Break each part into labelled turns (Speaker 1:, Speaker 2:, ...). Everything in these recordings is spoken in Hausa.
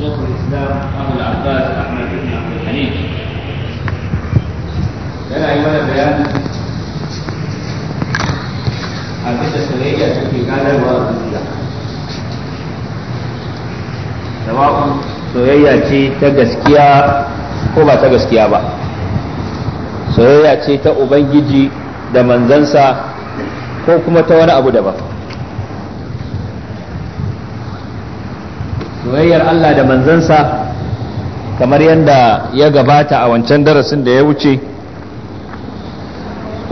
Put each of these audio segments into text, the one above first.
Speaker 1: شيخ الاسلام ابو العباس احمد بن عبد الحليم yana yi mana bayanin abin da soyayya take ganarwa a zuciya sawa'un soyayya ce ta gaskiya ko ba ta gaskiya ba soyayya ce ta ubangiji da manzansa ko kuma ta wani abu daban soyayyar Allah da manzansa kamar yadda ya gabata a wancan darasin da ya wuce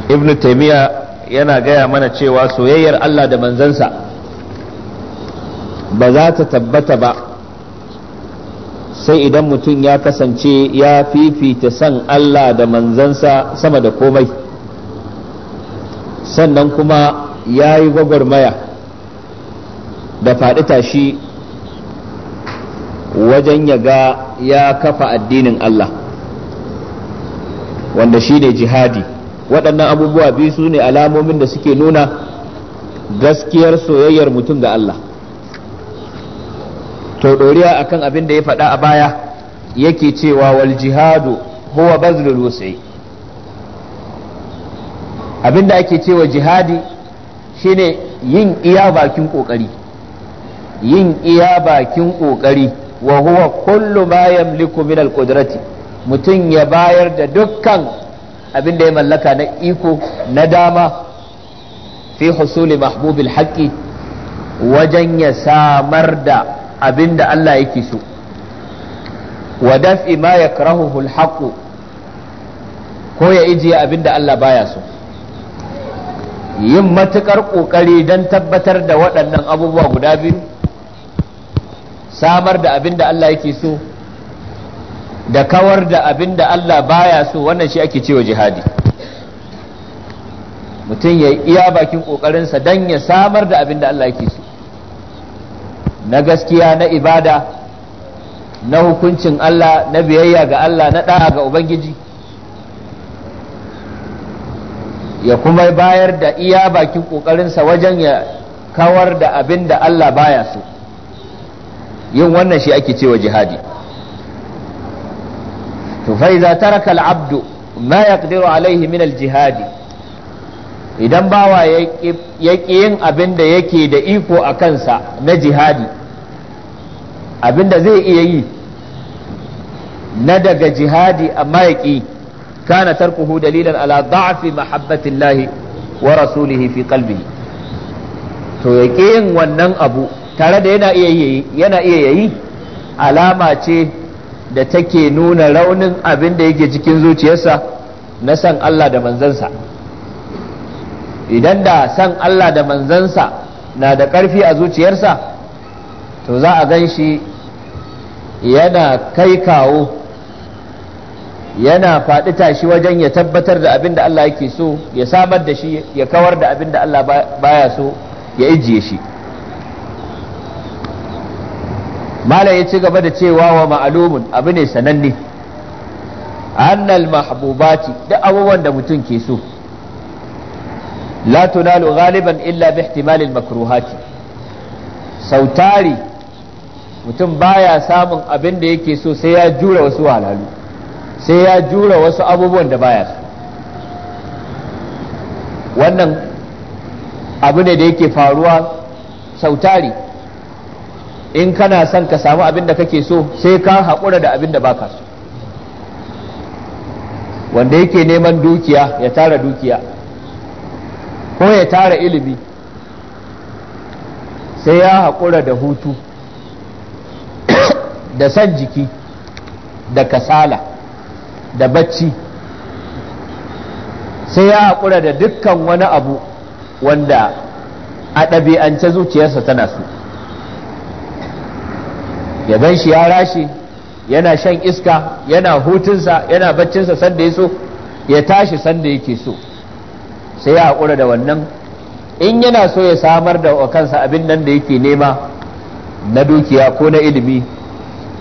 Speaker 1: ibnu taimiyya yana gaya mana cewa soyayyar Allah da manzansa ba za ta tabbata ba sai idan mutum ya kasance ya fifita son Allah da manzansa sama da komai sannan kuma ya yi gwagwarmaya da faɗi tashi wajen ya ga ya kafa addinin Allah wanda shi ne jihadi waɗannan abubuwa biyu su ne alamomin da suke nuna gaskiyar soyayyar mutum ga Allah to ɗoriya akan abin da ya faɗa a baya yake cewa wal jihadu huwa bazlul wus'i abin da ake cewa jihadi shine yin iya bakin ƙoƙari yin iya bakin ƙoƙari wa huwa kullu ma yamliku min mutum ya bayar da dukkan abin da ya mallaka na iko na dama fi husuli mahbubil haqqi wajen ya samar da abin da Allah yake so wa daf'i ma yakrahuhu al-haqqu ko ya ijiye abin da Allah baya so yin matukar kokari don tabbatar da waɗannan abubuwa guda biyu samar da abin da Allah yake so da kawar da abin da Allah baya so wannan shi ake cewa jihadi mutum ya iya bakin ƙoƙarinsa don ya samar da abin da Allah yake so na gaskiya na ibada na hukuncin Allah na biyayya ga Allah na ɗa'a ga Ubangiji ya kuma bayar da iya bakin ƙoƙarinsa wajen ya kawar da abin da Allah baya so yin wannan shi ake cewa jihadi to fa idza taraka al-abdu ma yaqdiru alayhi min al-jihadi idan bawa ya yin abin da yake da iko a kansa na jihadi abin da zai iya yi na daga jihadi amma ya ƙi kana tarkuhu dalilan ala da'fi mahabbatillahi wa rasulihi fi qalbihi to ya ƙi yin wannan abu tare da yana iya yayi yana iya yayi alama ce da take nuna raunin abin da yake cikin zuciyarsa na san Allah da manzansa idan da san Allah da manzansa na da ƙarfi a zuciyarsa to za a gan shi yana kai kawo yana faɗi tashi wajen ya tabbatar da abin da Allah yake so ya samar da shi ya kawar da abin da Allah baya so ya ijiye shi malam ya ci gaba da cewa wa ma'alumun abu ne sananne annal mahbubati da abubuwan da mutum ke so la tunalu ghaliban illa bi ihtimalil makruhati sautari mutum baya samun abin da yake so sai ya jura wasu halalu sai ya jura wasu abubuwan da baya so wannan abu ne da yake faruwa sautari in kana son ka samu abin da kake so sai ka haƙura da abin da baka so wanda yake neman dukiya ya tara dukiya ko ya tara ilimi sai ya haƙura da hutu da san jiki da kasala da bacci sai ya haƙura da dukkan wani abu wanda a ɗabi'ance zuciyarsa tana so ya gan shi ya rashi yana shan iska yana hutunsa yana baccinsa sanda ya so ya tashi sanda yake so sai ya haƙura da wannan in yana so ya samar da kansa abin nan da yake nema na dukiya ko na ilimi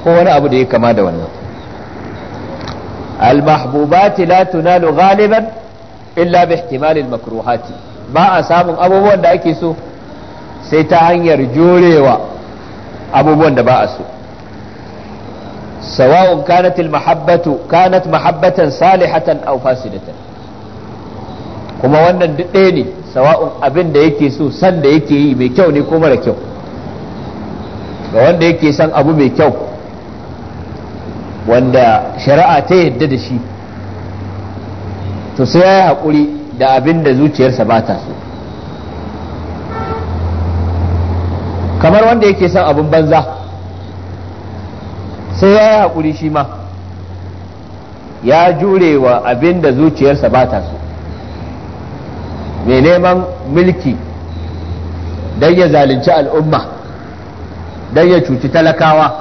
Speaker 1: ko wani abu da ya kama da wannan المحبوبات لا تنال غالبا إلا باحتمال المكروهات ba a samun abubuwan da ake so sai ta hanyar jurewa abubuwan da ba a so sawa'un kanat mahabbatu kanat mahabbatan salihatan aw fasidatan kuma wannan duk ɗaya ne sawa'un abin da yake so san da yake yi mai kyau ne ko mara kyau ga wanda yake son abu mai kyau wanda shari'a ta yadda da shi to sai ya yi haƙuri da abin zuciyarsa ba ta so kamar wanda yake son abin banza sai ya yi haƙuri shi ma ya jure wa abin da zuciyarsa ba ta so mai neman mulki don ya zalunci al'umma don ya cuci talakawa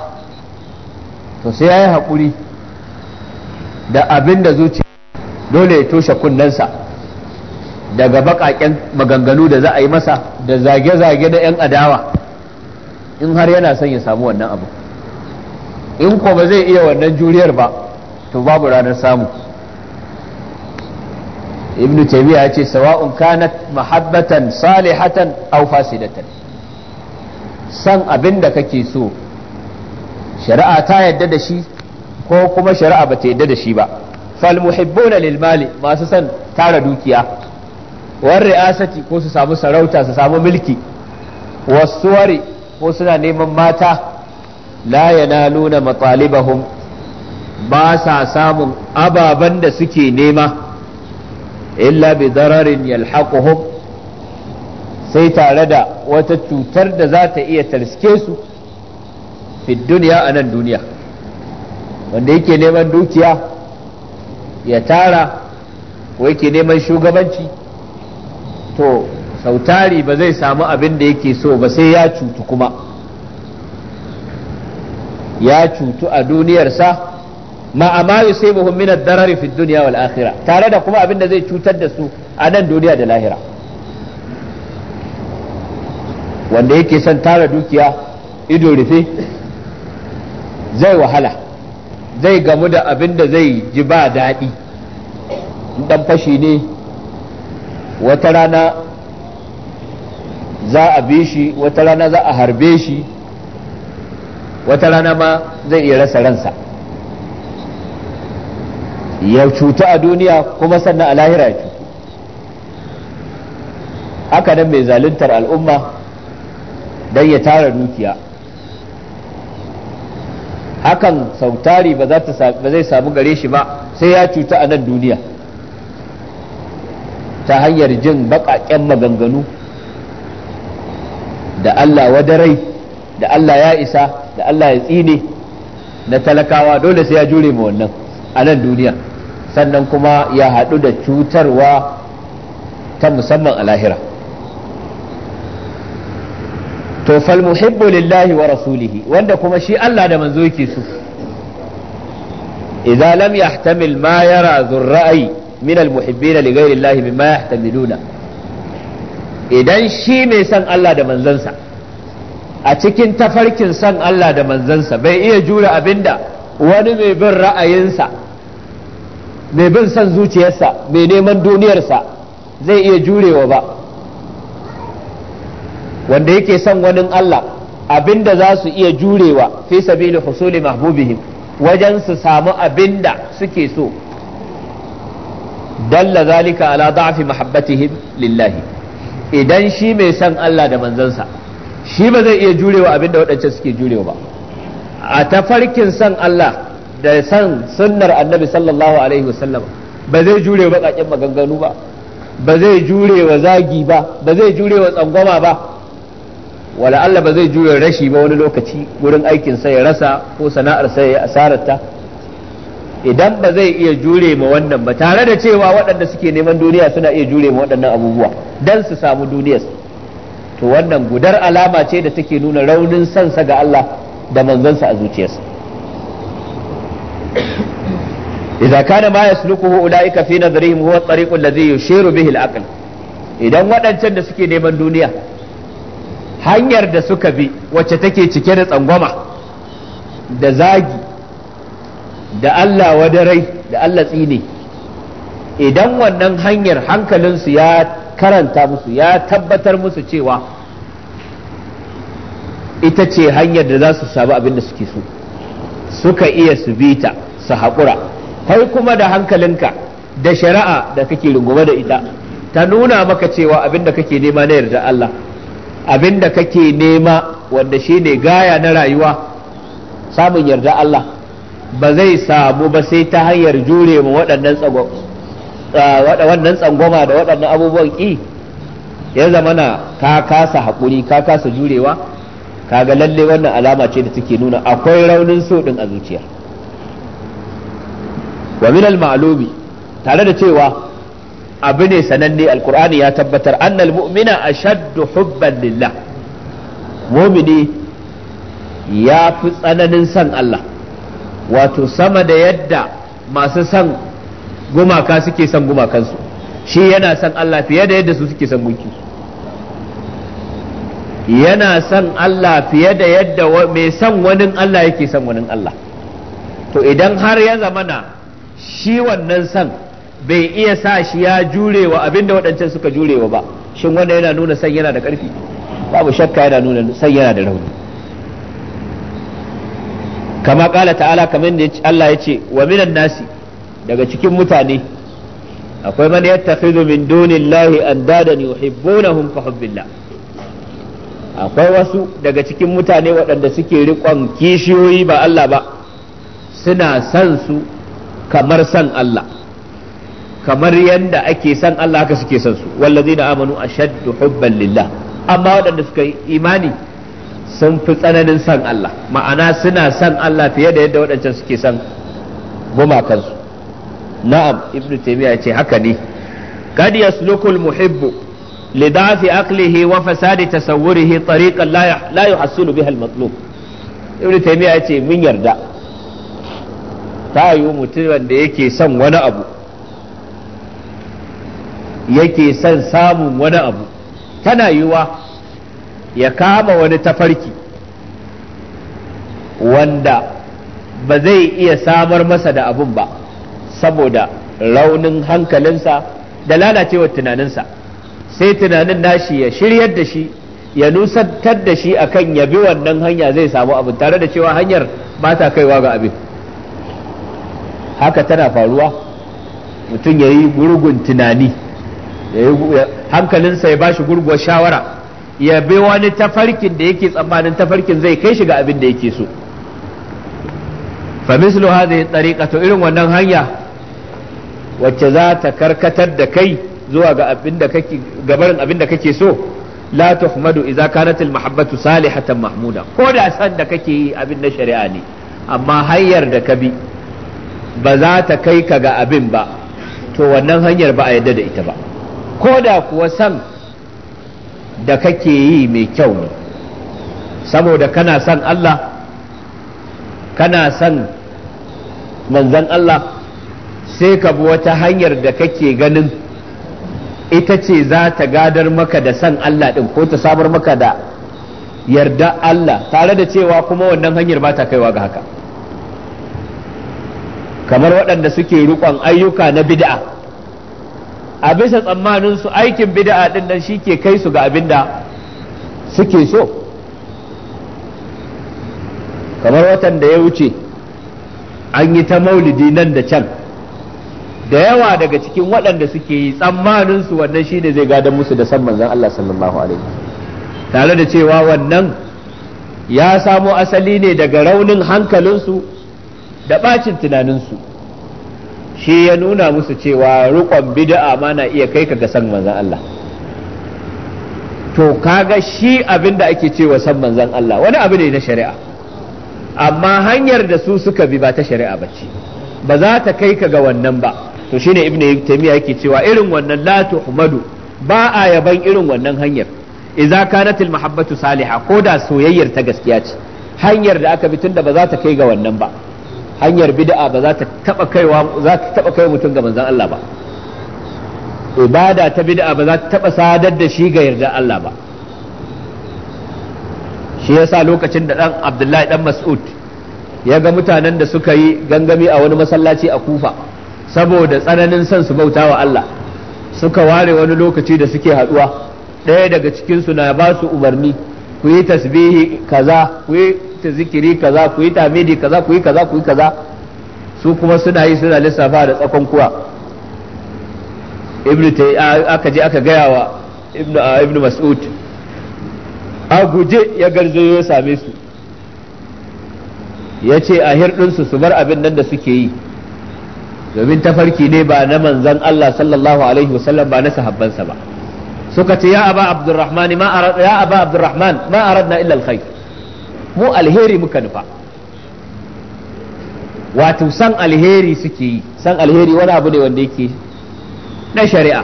Speaker 1: to sai ya yi haƙuri da abin da zuciya dole ya toshe kunnensa daga baƙaƙen maganganu da za a yi masa da zage-zage na 'yan adawa in har yana son ya samu wannan abu. in ko ba zai iya wannan juriyar ba to babu ranar samu ibnu taymiya ya ce sawa'un kanat mahabbatan salihatan aw fasidatan san abin da kake so shari'a ta yadda da shi ko kuma shari'a ba ta yadda da shi ba fal muhibbuna lil mali masu san tara dukiya war ri'asati ko su samu sarauta su samu mulki wasuwari ko suna neman mata la yanaluna matalibahum ba sa samun ababen da suke nema illa bi zararin dararin yalhaquhum sai tare da wata cutar da za ta iya tarske su fi duniya a nan duniya wanda yake neman dukiya ya tara ko yake neman shugabanci to sautari ba zai samu abin da yake so ba sai ya cutu kuma ya cutu a duniyarsa ma'a sai sai min ad-darari fi duniya wal tare da kuma abin da zai cutar da su a nan duniya da lahira wanda yake son tara dukiya ido rufe zai wahala zai gamu da abin da zai ji ba daɗi dan fashi ne wata rana za a bi shi wata rana za a harbe shi wata rana ma zai iya rasa ransa ya cuta a duniya kuma sannan a lahira ya cutu haka nan mai zaluntar al'umma don ya tara dukiya hakan sautari ba zai samu gare shi ba sai ya cuta a nan duniya ta hanyar jin baƙaƙen maganganu da Allah wadarai da Allah ya isa da Allah ya tsine na talakawa dole sai ya jure mu wannan a nan duniya sannan kuma ya haɗu da cutarwa ta musamman a lahira to fal muhibbu lillahi wa rasulihi wanda kuma shi Allah da manzo yake so idza lam yahtamil ma yara zurra'i min al li ghayri Allah mimma yahtamiluna idan shi mai son Allah da manzansa a cikin tafarkin son Allah da manzansa bai iya jure abinda wani mai bin ra'ayinsa mai bin son zuciyarsa mai neman duniyarsa zai iya jurewa ba wanda yake son wani Allah abinda za su iya jurewa fi sabili husuli mahbubihim wajen su samu abinda suke so dalla zalika ala da'fi mahabbatihim lillahi idan shi mai son Allah da manzansa shi ba zai iya jurewa abin da waɗancan suke jurewa ba a tafarkin san Allah da san sunnar annabi sallallahu alaihi wasallam ba zai jure baƙaƙen maganganu ba ba zai jure wa zagi ba ba zai jure wa tsangwama ba wala Allah ba zai jure rashi ba wani lokaci aikin sa ya rasa ko sana'ar sa ya asararta idan ba zai iya jure ma wannan ba tare da cewa waɗanda suke neman duniya suna iya jure ma waɗannan abubuwa don su samu duniyarsu to wannan gudar alama ce da take nuna raunin sansa ga Allah da manzansa a zuciyarsa idza kana ma yaslukuhu ulaika fi nazarihim huwa at alladhi yushiru bihi al-aql idan waɗancan da suke neman duniya hanyar da suka bi wacce take cike da tsangwama da zagi da Allah wadarai da Allah tsine idan wannan hanyar hankalinsu ya karanta musu ya tabbatar musu cewa ita ce hanyar da za su samu abin da suke so suka iya su bita su haƙura kai kuma da hankalinka da shari'a da kake rungume da ita ta nuna maka cewa abin da kake nema na yarda Allah abin da kake nema wanda shi ne gaya na rayuwa samun yarda Allah ba zai samu ba sai ta hanyar jure mu waɗannan wannan tsangwama da waɗannan abubuwan ƙi ya zama na ka kasa haƙuri ka kasa jurewa kaga lalle wannan alama ce da take nuna akwai raunin so ɗin a zuciya wa min al-ma'lumi tare da cewa abu ne sananne alkur'ani ya tabbatar annal mu'mina ashaddu hubban lillah mu'mini ya fi tsananin san Allah wato sama da yadda masu san gumaka suke son gumakansu shi yana son Allah fiye da yadda su suke son gunki yana son Allah fiye da yadda mai son wani Allah yake son wani Allah to idan har ya zamana shi wannan son bai iya sa shi ya jurewa abinda waɗancan suka jurewa ba shin wanda yana nuna son yana da ƙarfi babu shakka yana nuna son yana da rauni kama ƙala ta'ala kamar da Allah ya ce wa minan nasi daga cikin mutane akwai man yattakhidhu min dunillahi andadan yuhibbunahum ka hubbillah akwai wasu daga cikin mutane waɗanda suke riƙon kishiyoyi ba Allah ba suna san su kamar san Allah kamar yadda ake san Allah haka suke san su na amanu a shaddu hubban lillah amma waɗanda suka yi imani sun fi tsananin san Allah ma'ana suna san Allah fiye da yadda waɗancan suke san gumakansu na'am ibn taymiya ce haka ne kad yasluku muhibbu li da'fi aqlihi wa fasadi tasawwurihi tariqan la la yuhassilu biha al-matlub ibn taymiya ce mun yarda ta yi mutumin da yake son wani abu yake son samun wani abu tana yiwa ya kama wani tafarki wanda ba zai iya samar masa da abun ba saboda raunin hankalinsa da lalacewar tunaninsa sai tunanin nashi ya shiryar da shi ya nusantar da shi akan ya bi wannan hanya zai samu abin tare da cewa hanyar ba ta kaiwa ga abin haka tana faruwa mutum ya yi gurgun tunani hankalinsa ya bashi gurguwar shawara ya bi wani tafarkin da yake tsammanin tafarkin zai kai shi ga abin da yake so fa mislu hadhihi tariqatu irin wannan hanya wacce za ta karkatar da kai zuwa ga abin da kake gabarin abin da kake so la tuhmadu idza kanat al mahabbatu salihatan mahmuda ko da san da kake yi abin na shari'a ne amma hanyar da ka bi ba za ta kai ka ga abin ba to wannan hanyar ba a yadda da ita ba ko da kuwa san da kake yi mai kyau ne saboda kana san Allah kana san manzon Allah sai ka bi wata hanyar da kake ganin ita ce za ta gadar maka da san Allah ɗin ko ta samar maka da yarda Allah tare da cewa kuma wannan hanyar ba ta kaiwa ga haka kamar waɗanda suke rukon ayyuka na bida'a a bisa tsammanin su aikin bida'a ɗin nan shi ke kai su ga abin da suke so kamar watan da ya wuce an yi ta maulidi nan da can da yawa daga cikin waɗanda suke yi tsammanin su wannan shine zai gada musu da san manzon Allah sallallahu alaihi tare da cewa wannan ya samo asali ne daga raunin hankalinsu da ɓacin tunaninsu shi ya nuna musu cewa rukon bid'a ma na iya kai ka ga san manzon Allah to kaga shi abin da ake cewa san manzon Allah wani abu ne na shari'a amma hanyar da su suka bi ba ta shari'a ba ba za ta kai ka ga wannan ba to shine ibnu taymiya yake cewa irin wannan la tuhmadu ba a yaban irin wannan hanyar idza kanat al mahabbatu saliha ko da soyayyar ta gaskiya ce hanyar da aka bi tunda ba za ta kai ga wannan ba hanyar bid'a ba za ta taba kaiwa za ta taba kai mutum ga manzon Allah ba ibada ta bid'a ba za ta taba sadar da shi ga yarda Allah ba shi yasa lokacin da dan Abdullahi dan Mas'ud ya ga mutanen da suka yi gangami a wani masallaci a Kufa saboda tsananin son su bauta wa Allah suka ware wani lokaci da suke haɗuwa, ɗaya daga cikinsu na ba su umarni ku yi tasbihi kaza ku yi kaza ku yi tamidi kaza ku yi kaza ku yi kaza su kuma suna yi suna lissafa da tsakon kuwa ibnu aka je aka gaya wa ibnu ibnu mas'ud a guje ya garzo ya same su ya ce a su su bar abin nan da suke yi domin tafarki ne ba na manzan Allah sallallahu alaihi wasallam ba na sahabbansa ba suka ce ya aba abdurrahman ma arad ya aba abdurrahman ma aradna illa alkhair mu alheri muka nufa wato san alheri suke yi san alheri wani abu ne wanda yake na shari'a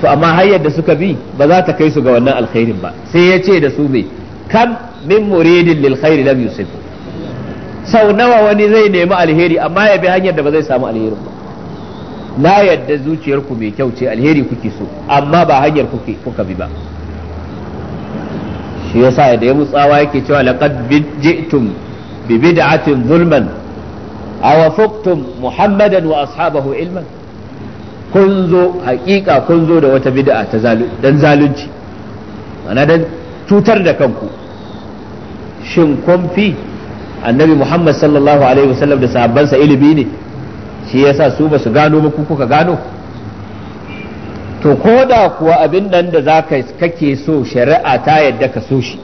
Speaker 1: to amma hanyar da suka bi ba za ta kai su ga wannan alkhairin ba sai ya ce da su me kam min muridin lil khairi lam yusifu sau nawa wani zai nemi alheri amma ya bi hanyar da ba zai samu alheri ba na yadda zuciyarku mai kyau ce alheri kuke so amma ba hanyar kuke kuka bi ba shi yasa da ya mutsawa yake cewa laqad bijtum bi bid'atin zulman aw fuqtum muhammadan wa ashabahu ilman kun zo hakika kun zo da wata bid'a ta dan zalunci ana dan cutar da kanku shin kun fi annabi Muhammad sallallahu alaihi wasallam da sahabbansa ilimi ne shi yasa su ba su gano ba ku kuka gano to ko da kuwa abin nan da za kake so shari'a ta yadda ka so shi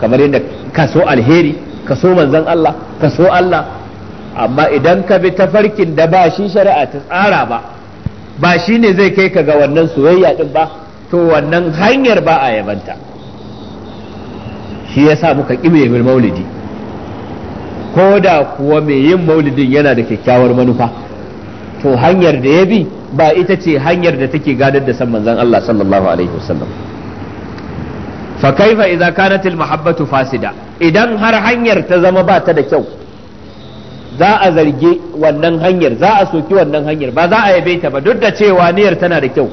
Speaker 1: kamar yadda ka so alheri ka so manzon Allah ka so Allah amma idan ka bi tafarkin da ba shi shari'a ta tsara ba ba shi ne zai kai ka ga wannan soyayya din ba to wannan hanyar ba a yabanta shi yasa muka ƙi maulidi ko da kuwa mai yin maulidin yana da kyakkyawar manufa to hanyar da ya bi ba ita ce hanyar da take gadar da san manzon Allah sallallahu alaihi wasallam fa kaifa idza kanat al mahabbatu fasida idan har hanyar ta zama ba ta da kyau za a zargi wannan hanyar za a soki wannan hanyar ba za a yabe ta ba duk da cewa niyyar tana da kyau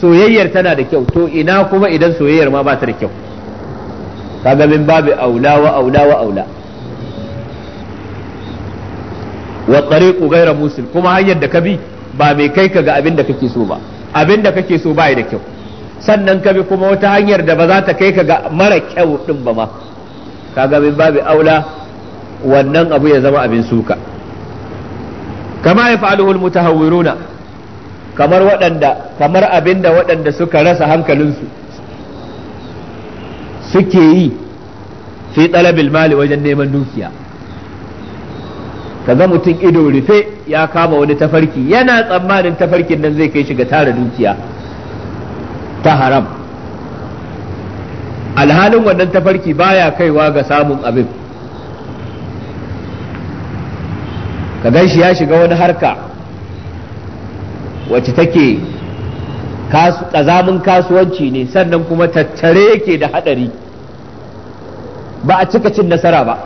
Speaker 1: soyayyar tana da kyau to ina kuma idan soyayyar ma ba ta da kyau kaga min babu aula wa aula wa aula wa tariqu ghayra musil kuma hanyar da ka bi ba mai kai ka ga abin da kake so ba abin da kake so bai da kyau sannan ka bi kuma wata hanyar da ba za ta kai ka ga mara kyau din ba ma kaga min babu aula wannan abu ya zama abin suka kama ya fa'aluhul mutahawwiruna kamar waɗanda kamar abinda waɗanda suka rasa hankalinsu suke yi fi talabil mali wajen neman dukiya kaga mutum ido rufe ya kama wani tafarki yana tsammanin tafarkin nan zai kai shi ga tara dukiya ta haram alhalin wannan tafarki baya kaiwa ga samun abin ka gan shi ya shiga wani harka wacce take ƙazamin kasuwanci ne sannan kuma tattare yake da haɗari ba a cika cin nasara ba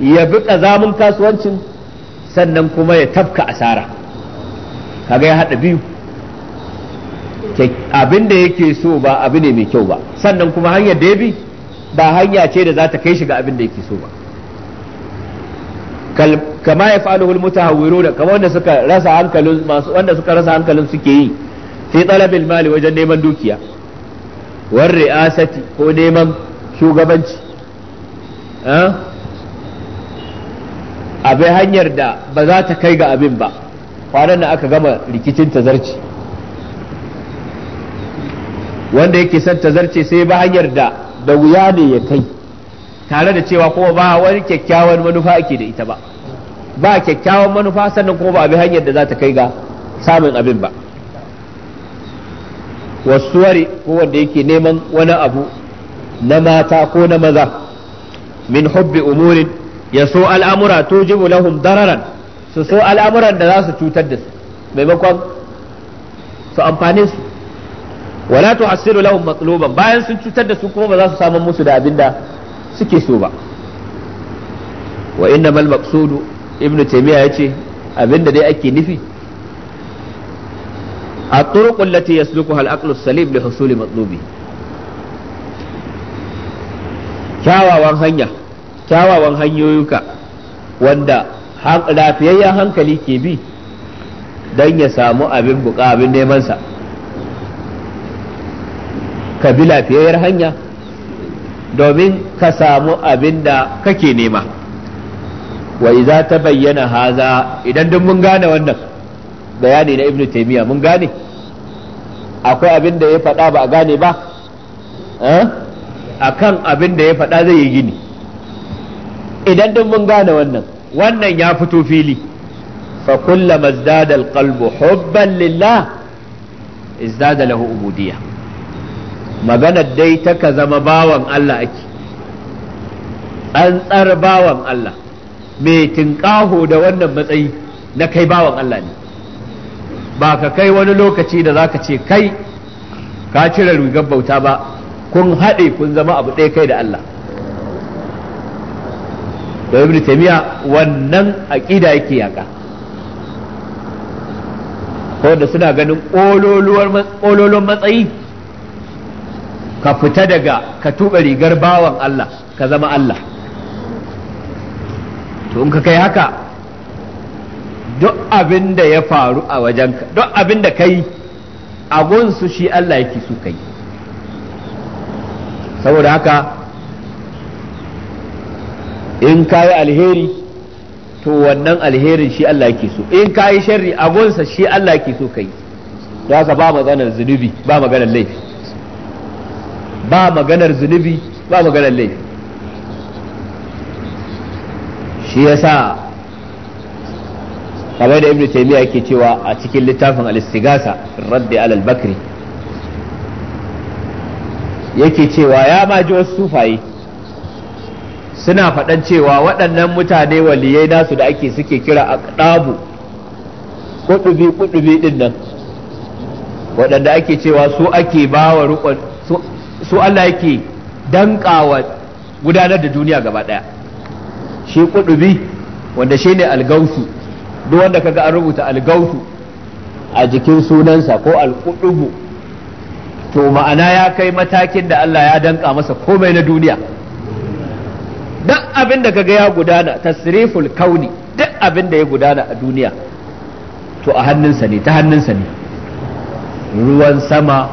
Speaker 1: ya bi ƙazamin kasuwancin sannan kuma ya tafka asara kaga ya haɗa biyu abin da yake so ba abu ne mai kyau ba sannan kuma hanyar da ya bi ba hanya ce da za ta kai shi ga abin da yake so ba kama ya fa'alu hul mutahawwiruna kama wanda suka rasa hankalin masu wanda suka rasa hankalin suke yi sai talabil mali wajen neman dukiya war ri'asati ko neman shugabanci ah? bai hanyar da ba za ta kai ga abin ba kwanan da aka gama rikicin tazarci wanda yake son tazarce sai ba hanyar da da wuya ne ya kai tare da cewa kuma ba wani kyakkyawan manufa ake da ita ba ba kyakkyawan manufa sannan kuma ba abin hanyar da za ta kai ga samun abin ba wasuwari ko wanda yake neman wani abu na mata ko na maza min hubbi umurin ya so al'amura tujibu lahum dararan su so al'amuran da za su cutar da su maimakon su amfani su wala tuhassilu lahum matsaloban bayan sun cutar da su kuma ba za su samu musu da abin da suke so ba wa innamal maqsudu ibnu taymiya yace abinda dai ake nufi الطرق التي يسلكها العقل السليم لحصول مطلوبه kyawawan hanya kyawawan hanyoyuka wanda lafiyayyen hankali ke bi don ya samu abin buka abin nemansa ka bi lafiyayyar hanya domin ka samu abin da kake nema wa iza ta bayyana haza idan duk mun gane wannan bayani na ibnu taimiyya mun gane akwai abin da ya faɗa ba a gane ba eh? a kan abin da ya faɗa zai yi gini idan duk mun gane wannan wannan ya fito fili fa kullama mazdada alqalbu hubban lillah izdada lahu ubudiyya maganar dai ta ka zama bawan Allah ake an tsar bawan Allah mai tinkaho da wannan matsayi na kai bawan Allah ne ba ka kai wani lokaci da zaka ce kai ka cire rigar bauta ba kun haɗe kun zama abu ɗaya kai da Allah da ibn taymiya wannan aqida yake yaka ko da suna ganin ololon matsayi ka fita daga ka tuba rigar bawan Allah ka zama Allah to in ka kai haka duk abin da ya faru a wajenka duk abin da kai a gunsu shi Allah yake so kai saboda haka in ka yi alheri to wannan alherin shi Allah yake so in ka yi sharri abunsa shi Allah yake so kai don ka ba maganar zunubi ba maganar laifi ba maganar zunubi ba maganar laifi shi yasa kamar da ibnu taymiya yake cewa a cikin littafin al-istigasa raddi alal bakri yake cewa ya ma ji wasu sufaye suna faɗan cewa waɗannan mutane waliyai nasu da ake suke kira a ɗabu kudubi kudubi ɗin nan waɗanda ake cewa su ake bawa rukun su Allah yake danƙawa gudanar da duniya gaba ɗaya shi kudubi wanda shi ne algausu duk wanda kaga an rubuta algausu a jikin sunansa ko alkudubu to ma'ana ya kai matakin da Allah ya danƙa masa komai na duniya duk abin da kaga ya gudana tasriful kauni duk abin da ya gudana a duniya to a hannunsa ne ta hannunsa ne ruwan sama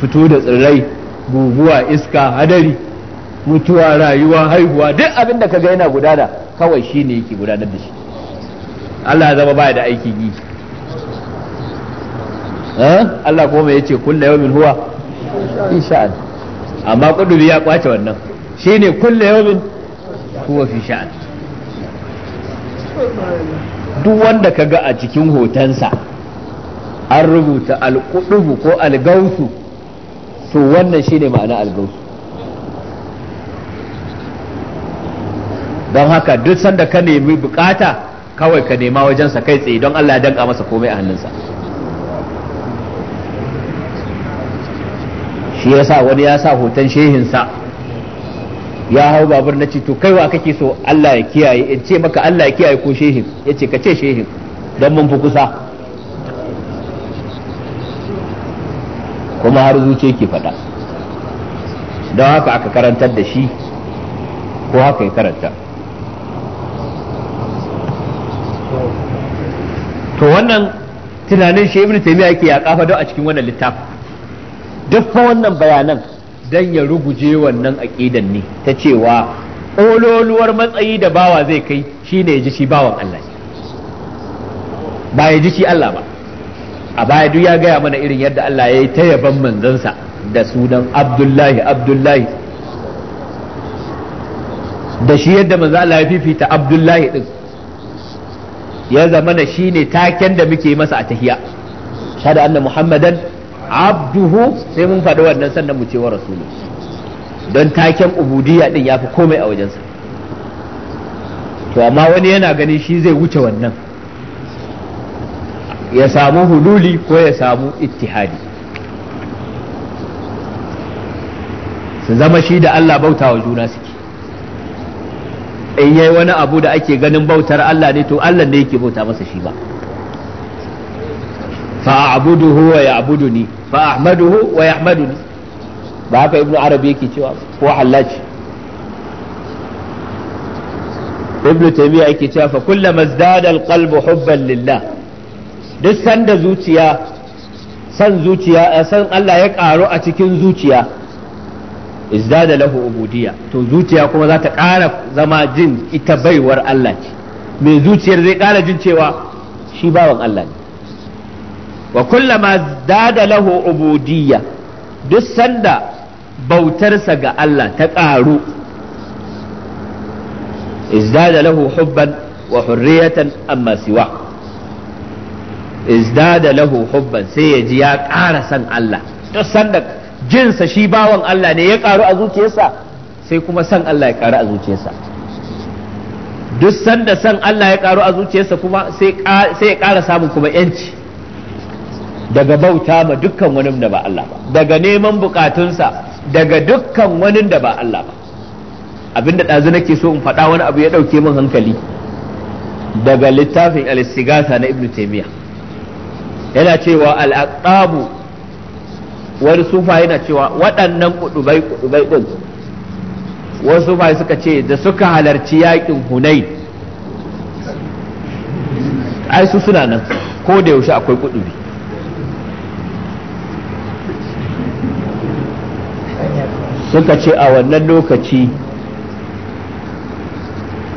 Speaker 1: fito da tsirrai guguwa iska hadari mutuwa rayuwa haihuwa duk abin da kaga yana gudana kawai shi ne yake gudanar da shi Allah ya zama baya da aiki yi eh? Allah kuma ya ce kulla yawmin huwa insha Allah amma kuduri ya kwace wannan shine kulla yawmin huwa fi sha'an duk wanda ka ga a cikin hotonsa an rubuta alƙudubu ko algausu to wannan shine ma'ana algausu don haka duk sanda ka nemi bukata kawai ka nema sa kai tsaye don Allah ya danka masa komai a hannunsa shi yasa wani ya sa hoton shehinsa ya hau babur na ce to kai wa kake so Allah ya kiyaye in ce maka Allah ya kiyaye ko shehin ya ce ka ce shehin don mun fi kusa kuma har zuce ke faɗa don haka aka karantar da shi ko haka ya karanta to wannan tunanin shi ibn taymiya yake ya kafa don a cikin wannan littafin duk fa wannan bayanan dan ya ruguje wannan aqidan ne ta cewa ololuwar matsayi da bawa zai kai shine ya ji shi bawan Allah ba ya ji shi Allah ba a baya duk ya gaya mana irin yadda Allah ya yi ta yaban manzansa da sunan Abdullahi Abdullahi da shi yadda manzo Allah ya fifita Abdullahi din ya zama da shi ne taken da muke masa a tahiya shada anna Muhammadan abduhu sai mun faɗi wannan sannan mu ce wa rasulu don taken ubudiyya din ya fi komai a wajensa to amma wani yana ganin shi zai wuce wannan ya samu hululi ko ya samu ittihadi su zama shi da Allah bauta wa juna suke in yayi wani abu da ake ganin bautar Allah ne to Allah ne yake bauta masa shi ba fa a'buduhu wa ya'buduni fa ahmaduhu wa yahmaduni ba haka ibnu arabi yake cewa ko hallaci ibnu taymiya yake cewa fa kullama zada hubban lillah duk sanda zuciya san zuciya san Allah ya karu a cikin zuciya izdada lahu ubudiyya to zuciya kuma za ta ƙara zama jin ita baiwar Allah ce mai zuciyar zai kara jin cewa shi bawan Allah ne wa kullama zada lahu ubudiyya duk sanda bautarsa ga Allah ta ƙaru izdada lahu hubban wa hurriyatan amma siwa izdada lahu hubban sai ya ji ya ƙara san Allah duk sanda jinsa shi bawan Allah ne ya ƙaru a zuciyarsa sai kuma san Allah ya ƙaru a zuciyarsa duk sanda san Allah ya ƙaru a zuciyarsa kuma sai ya ƙara samun kuma 'yanci daga bauta ma dukkan wani da ba Allah ba daga neman bukatunsa daga dukkan wani da ba Allah ba abinda ɗazu nake so in faɗa wani abu ya ɗauke min hankali daga littafin al na ibnu taymiya yana cewa al-aqabu wani sufa yana cewa waɗannan kudubai kudubai din wani sufa suka ce da suka halarci yakin hunain ai su suna nan ko da yaushe akwai kudubi suka ce a wannan lokaci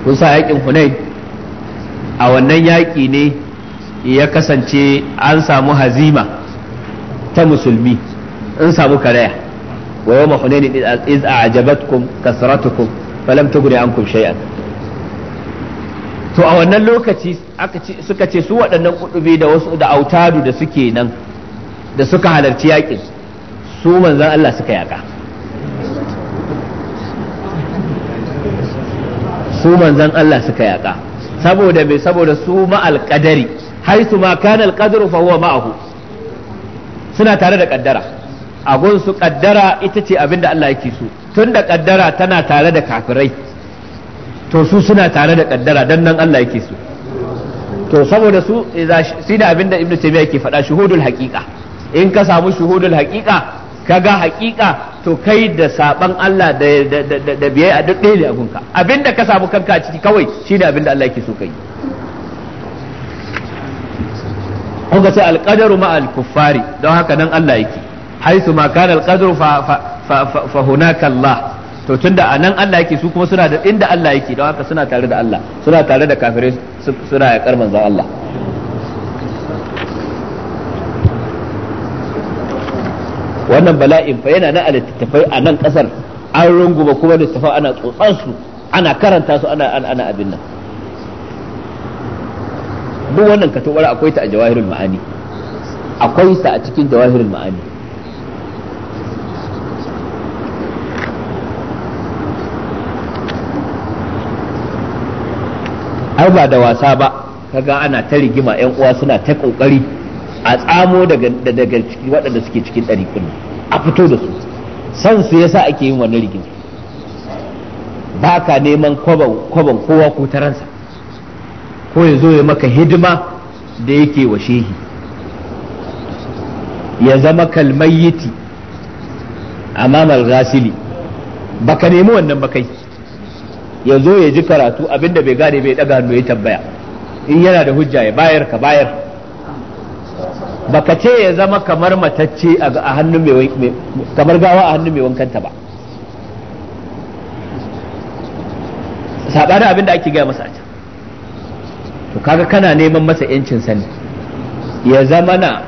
Speaker 1: kusa yakin hunain a wannan yaƙi ne ya kasance an samu hazima ta musulmi in samu karaya wa yau mahunaini iz a ajabatkum kasratukum falam gudu ankum shay'an to a wannan lokaci suka ce su waɗannan kudubi da wasu da autadu da suke nan da suka halarci yaƙin su manzan Allah suka yaƙa su manzan Allah suka yaka saboda me saboda su ma'al qadari haisu ma kana alqadru fa huwa ma'ahu suna tare da kaddara a gun su kaddara ita ce abin da Allah yake so tunda kaddara tana tare da kafirai to su suna tare da kaddara dan nan Allah yake so to saboda su sai da abin da Ibn Taymiyyah yake faɗa shuhudul haqiqa in ka samu shuhudul haqiqa kaga hakika to kai da saban Allah da da biyayya a duk ɗaya abinka abinda ka samu kanka a ciki kawai shine abinda Allah yake so ka yi kuka ce alqadaru ma al don haka nan Allah yake haisu ma kana alqadaru fa fa hunaka Allah to tunda a nan Allah yake su kuma suna da inda Allah yake don haka suna tare da Allah suna tare da kafirai suna ya karman Allah wannan bala'in fa yana na a littattafai a nan kasar an runguma kuma littattafai ana tsotsan su ana karanta su ana ana abin nan duk wannan katowar akwai ta a jawahirul ma'ani akwai sa a cikin jawahirul ma'ani ai ba da wasa ba kaga ana ta rigima yan uwa suna ta kokari a tsamo daga ciki waɗanda suke cikin kullum, a fito da su san su yasa ake yin wannan rigin ba ka neman kwaban kowa ko taransa ko ya zo ya maka hidima da yake wa shehi ya zama kalmayyiti a mamal gasili ba ka nemi wannan ba kai ya zo ya ji karatu abinda bai gane bai ɗaga hannu ya tambaya in yana da hujja ya bayar ka bayar baka ce ya zama kamar matacce a hannun mai kamar gawa a hannun mai wankanta ba sabanin abin da ake gaya masa a can to kaga kana neman masa yancin sani ya zama na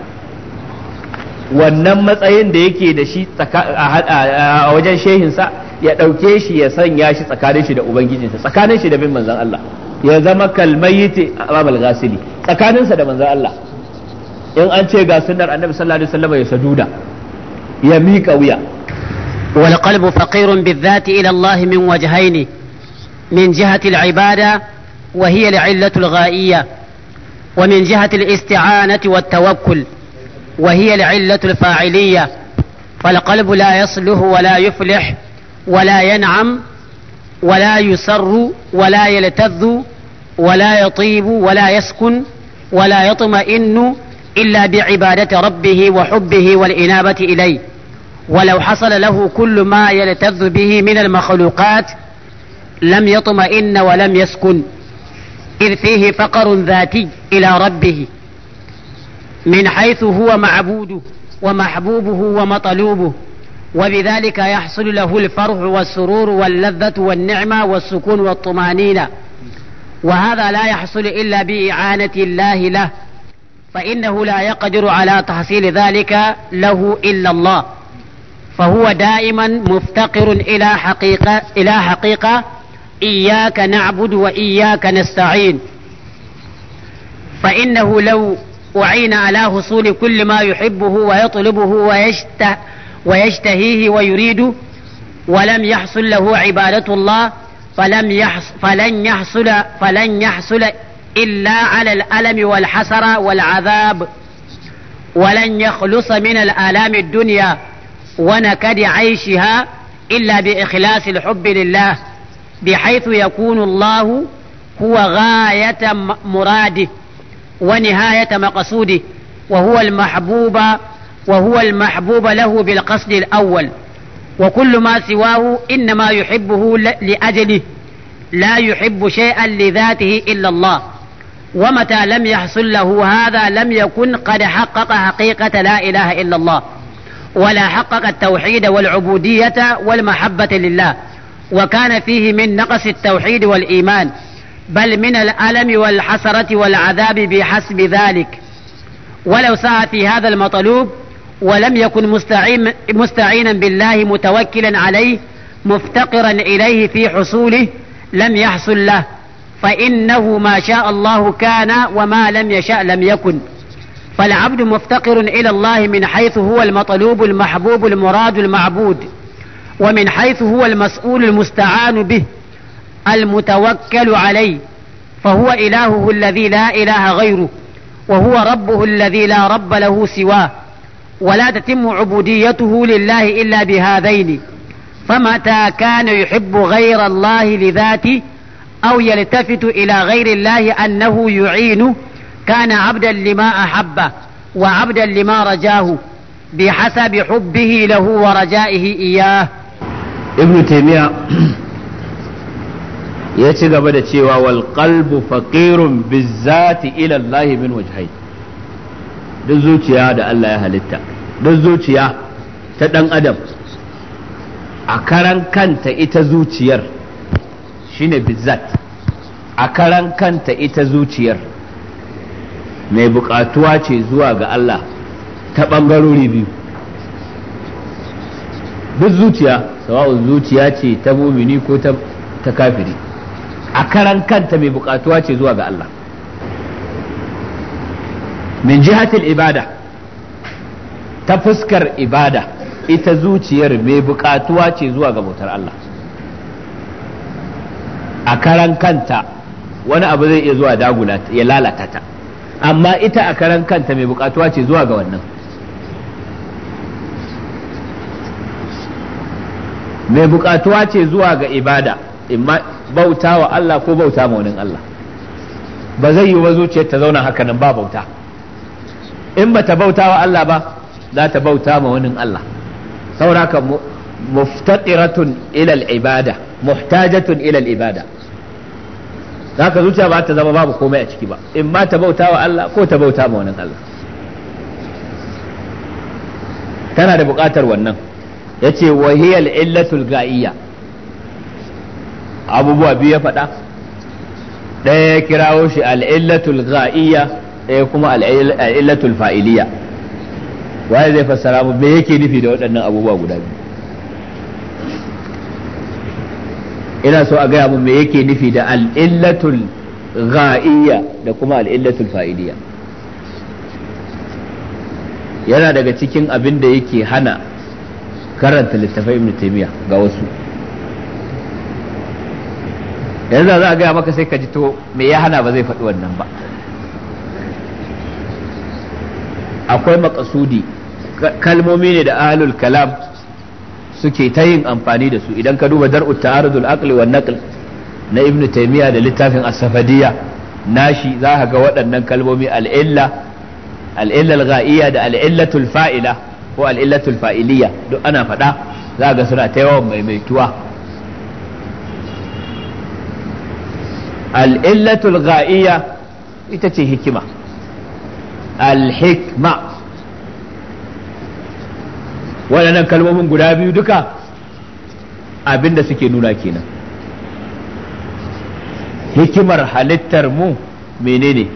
Speaker 1: wannan matsayin da yake da shi a wajen shehinsa ya ɗauke shi ya sanya shi tsakanin shi da ubangijinsa tsakanin shi da bin manzan Allah ya zama kalmayiti a babal gasili tsakaninsa da manzan Allah
Speaker 2: in an ce ga sunnar annabi sallallahu alaihi wasallam ya saduda ya miƙa wuya والقلب فقير بالذات إلى الله من وجهين من جهة العبادة وهي العلة الغائية ومن جهة الاستعانة والتوكل وهي العلة الفاعلية فالقلب لا يصلح ولا يفلح ولا ينعم ولا يسر ولا يلتذ ولا يطيب ولا يسكن ولا يطمئن إلا بعبادة ربه وحبه والإنابة إليه
Speaker 1: ولو حصل له
Speaker 2: كل ما يلتذ به من المخلوقات لم يطمئن ولم يسكن إذ فيه فقر ذاتي إلى ربه من حيث هو معبوده ومحبوبه ومطلوبه وبذلك يحصل له الفرح والسرور واللذة والنعمة والسكون والطمأنينة وهذا لا يحصل إلا بإعانة الله له فإنه لا يقدر على تحصيل ذلك له إلا الله فهو دائما مفتقر إلى حقيقة إلى حقيقة إياك نعبد وإياك نستعين فإنه لو أعين على حصول كل ما يحبه ويطلبه ويشته ويشتهيه ويريده ولم يحصل له عبادة الله فلم يحصل فلن يحصل فلن يحصل إلا على الألم والحسرة والعذاب ولن يخلص من الآلام الدنيا ونكد عيشها إلا بإخلاص الحب لله بحيث يكون الله هو غاية مراده ونهاية مقصوده وهو المحبوب وهو المحبوب له بالقصد الأول وكل ما سواه إنما يحبه لأجله لا يحب شيئا لذاته إلا الله ومتى لم يحصل له هذا لم يكن قد حقق حقيقة لا إله إلا الله ولا حقق التوحيد والعبودية والمحبة لله وكان فيه من نقص التوحيد والإيمان بل من الألم والحسرة والعذاب بحسب ذلك ولو سعى في هذا المطلوب ولم يكن مستعينا بالله متوكلا عليه مفتقرا إليه في حصوله لم يحصل له فإنه ما شاء الله كان وما لم يشاء لم يكن فالعبد مفتقر إلى الله من حيث هو المطلوب المحبوب المراد المعبود ومن حيث هو المسؤول المستعان به المتوكل عليه فهو إلهه الذي لا إله غيره وهو ربه الذي لا رب له سواه ولا تتم عبوديته لله إلا بهذين فمتى كان يحب غير الله لذاته أو يلتفت إلى غير الله أنه يعينه كان عبدا لما أحبه وعبدا لما رجاه بحسب حبه له ورجائه إياه
Speaker 1: ابن تيمية يتجى بدأ والقلب فقير بالذات إلى الله من وجهين دزوتيا دا الله يهلتا دزوتيا تدن أدم أكرن كانت إتزوتيار shine bizzat a karan kanta ita zuciyar mai bukatuwa ce zuwa ga Allah ta ɓangarori biyu duk zuciya sawa'un zuciya ce ta mumini ko ta kafiri a karan kanta mai bukatuwa ce zuwa ga Allah min jihatil ibada ta fuskar ibada ita zuciyar mai bukatuwa ce zuwa ga bautar Allah a karan kanta wani abu zai iya zuwa dagula ya lalata ta amma ita a karan kanta mai bukatuwa ce zuwa ga wannan mai bukatuwa ce zuwa ga ibada imma bauta wa Allah ko bauta ma wani Allah ba zai yi ba zuciyar ta zauna haka nan ba bauta in ba ta bauta wa Allah ba za ta bauta ma wani Allah sauraka muftaqiratun ila al-ibada muhtajatun ila al-ibada zaka zuciya ba ta zama babu komai a ciki ba in ma ta bauta wa Allah ko ta bauta ma wani Allah tana da buƙatar wannan yace wahiyal illatul ga'iyya abubuwa biyu ya faɗa ɗaya ya kirawo shi al'illatul ga'iyya ɗaya kuma al'illatul fa'iliya waye zai fassara mu me yake nufi da waɗannan abubuwa guda biyu ina so a gaya mun me yake nufi da al'illatul gha'iyya da kuma al'illatul fa'idiyya yana daga cikin abin da yake hana karanta littafai ibn taymiya ga wasu yanzu za a gaya maka sai ka ji to me ya hana ba zai faɗi wannan ba akwai makasudi kalmomi ne da ahlul kalam suke ta yin amfani da su idan ka duba dar ta'arudul aqli wan naql na ibn taymiya da littafin as-safadiyya nashi za ka ga waɗannan kalmomi al-illa al-illa al-ghaiya da al-illatul fa'ila ko al-illatul fa'iliyya duk ana faɗa za ga suna ta yawan maimaituwa al-illatul ghaiya ita ce hikima al-hikma waɗannan kalmomin guda biyu duka abinda suke nuna kenan hikimar halittar mu menene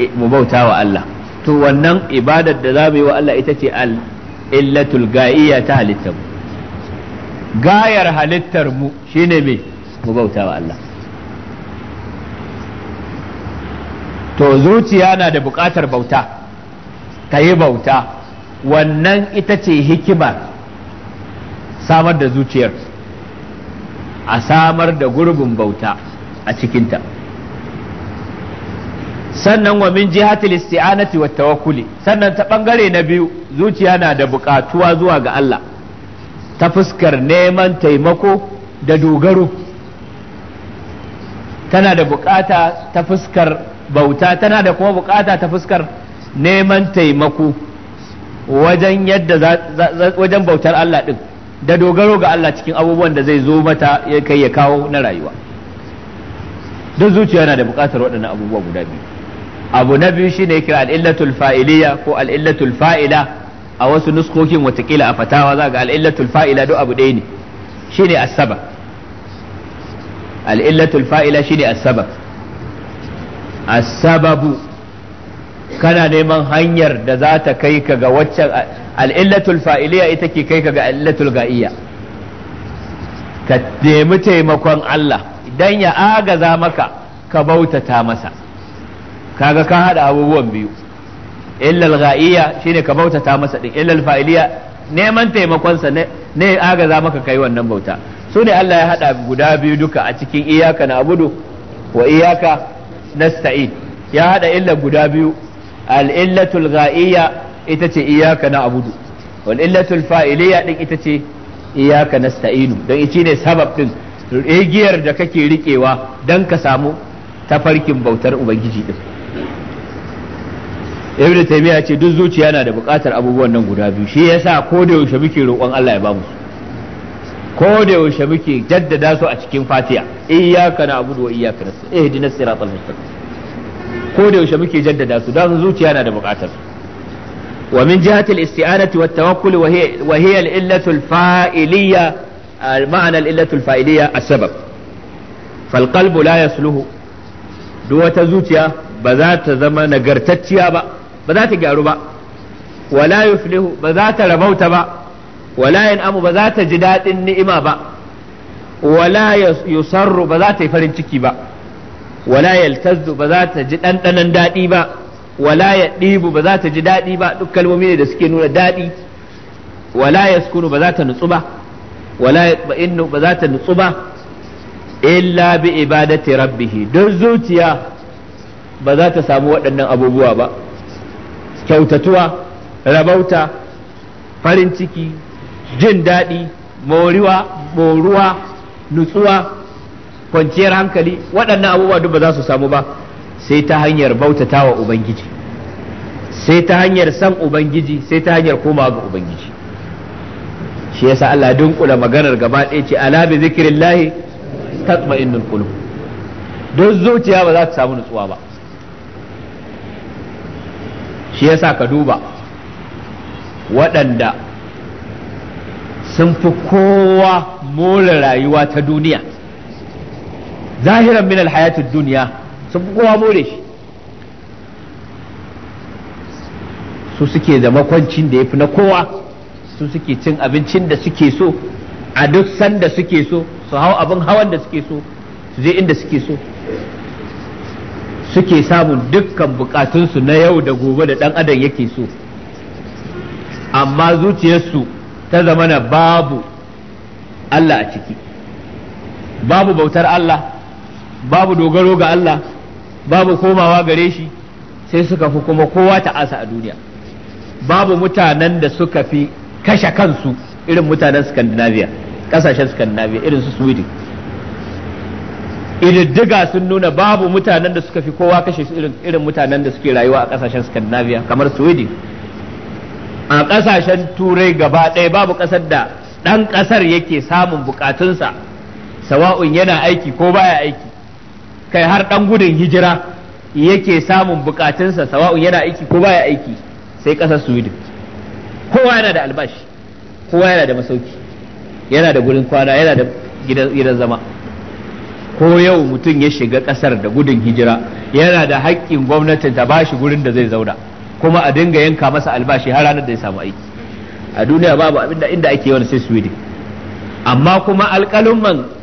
Speaker 1: eh, mu bauta wa Allah to wannan ibadar da za mu yi wa Allah ita ce al illatul ga'iyya ta halittar mu gayar halittar mu shine me mu bauta wa Allah to zuciya na da buƙatar bauta ta yi bauta wannan ita ce hikima samar da zuciyar a samar da gurbin bauta a cikinta sannan wa min jihati isti'anati wa tawakkuli sannan ta bangare na biyu zuciya na da bukatuwa zuwa ga Allah ta fuskar neman taimako da dogaro tana da bukata ta fuskar bauta tana da kuma bukata ta fuskar neman taimako wajen yadda wajen bautar Allah din da dogaro ga Allah cikin abubuwan da zai zo mata ya kai ya kawo na rayuwa duk zuciya na da buƙatar waɗannan abubuwa guda biyu abu na biyu shine kira al'illatul fa'iliya ko al'illatul fa'ila a wasu nuskokin watakila a fatawa za ga al'illatul fa'ila duk abu ɗaya ne shine asaba al'illatul fa'ila shine asaba asababu kana neman hanyar da za ta kai ka ga waccan al'illatul fa'iliya ita ke kai ka ga al'illatul ga’iya ka nemi taimakon Allah idan ya agaza maka ka bautata masa kaga ka haɗa abubuwan biyu illal shi shine ka bautata masa ɗin. illal fa'iliya neman taimakonsa ne agaza maka kai wannan bauta su ne Allah ya haɗa guda biyu duka a cikin iyaka na abudu wa iyaka nasta'in ya haɗa illa guda biyu al'illatul ga'iyya ita ce iyaka na abudu wal’illatul fa'iliya ɗin ita ce iyaka na sta'inu don ici ne sabab ɗin rigiyar da kake riƙewa don ka samu tafarkin bautar ubangiji ɗin. ibn taymiya ce duk zuciya na da buƙatar abubuwan nan guda biyu shi yasa ko da yaushe muke roƙon Allah ya bamu ko da yaushe muke jaddada su a cikin fatiha iyyaka na'budu wa iyyaka nasta'in ihdinas siratal mustaqim ko da yaushe muke jaddada su don zuciya na da bukatar wa min jihati al-isti'anati wat tawakkul wa hiya al-illatu al-fa'iliyya ma'ana al-illatu al-fa'iliyya as-sabab fal qalbu la yasluhu duk wata zuciya ba za ta zama nagartacciya ba ba za ta gyaru ba wala yuflihu ba za ta rabauta ba wala yan'amu ba za ta ji dadin ni'ima ba wala yusarru ba za ta yi farin ciki ba wala yaltazzu ba za ta ji ɗanɗanon daɗi ba wala ya ɗibu ba za ta ji daɗi ba duk kalmomi da suke nuna daɗi wala yaskunu ba za ta nutsu ba wala yatma'innu ba za ta nutsu ba illa bi ibadati rabbih don zuciya ba za ta samu waɗannan abubuwa ba kyautatuwa rabauta farin ciki jin daɗi moruwa nutsuwa kwanciyar hankali waɗannan abubuwa duk ba za su samu ba sai ta hanyar bautata wa ubangiji sai ta hanyar san ubangiji sai ta hanyar komawa ga ubangiji shi yasa Allah dunkula maganar gaba ɗaya ce ala bi zikrillah tatma'innul qulub don zuciya ba za ta samu nutsuwa ba shi yasa ka duba waɗanda sun fi kowa more rayuwa ta duniya zahiran min alhayatid duniya sun fi kowa more shi su suke da makwancin da ya fi na kowa su suke cin abincin da suke so a duk sanda suke so su hau abin hawan da suke so su je inda suke so suke samun dukkan bukatunsu na yau da gobe da dan adam yake so amma zuciyarsu ta zamana babu Allah a ciki babu bautar Allah babu dogaro ga Allah babu komawa gare shi sai suka fi kuma kowa ta'asa a duniya babu mutanen da suka fi kashe kansu irin mutanen Scandinavia kasashen Scandinavia irin su Sweden ididdiga sun nuna babu mutanen da suka fi kowa kashe su irin mutanen da suke rayuwa a kasashen Scandinavia kamar Sweden a kasashen turai gaba ɗaya babu ƙasar da ɗan ƙasar yake samun bukatunsa sawa'un yana aiki ko baya aiki kai har dan gudun hijira yake samun bukatunsa sawa'un yana aiki ko baya aiki sai kasar sweden kowa yana da albashi kowa yana da masauki yana da gurin kwana yana da gidan zama ko yau mutum ya shiga kasar da gudun hijira yana da haƙƙin gwamnatin ta ba shi gurin da zai zauna kuma a dinga yanka masa albashi har ranar da ya samu aiki a duniya babu abinda inda ake yi wani sai sweden amma kuma alƙalumman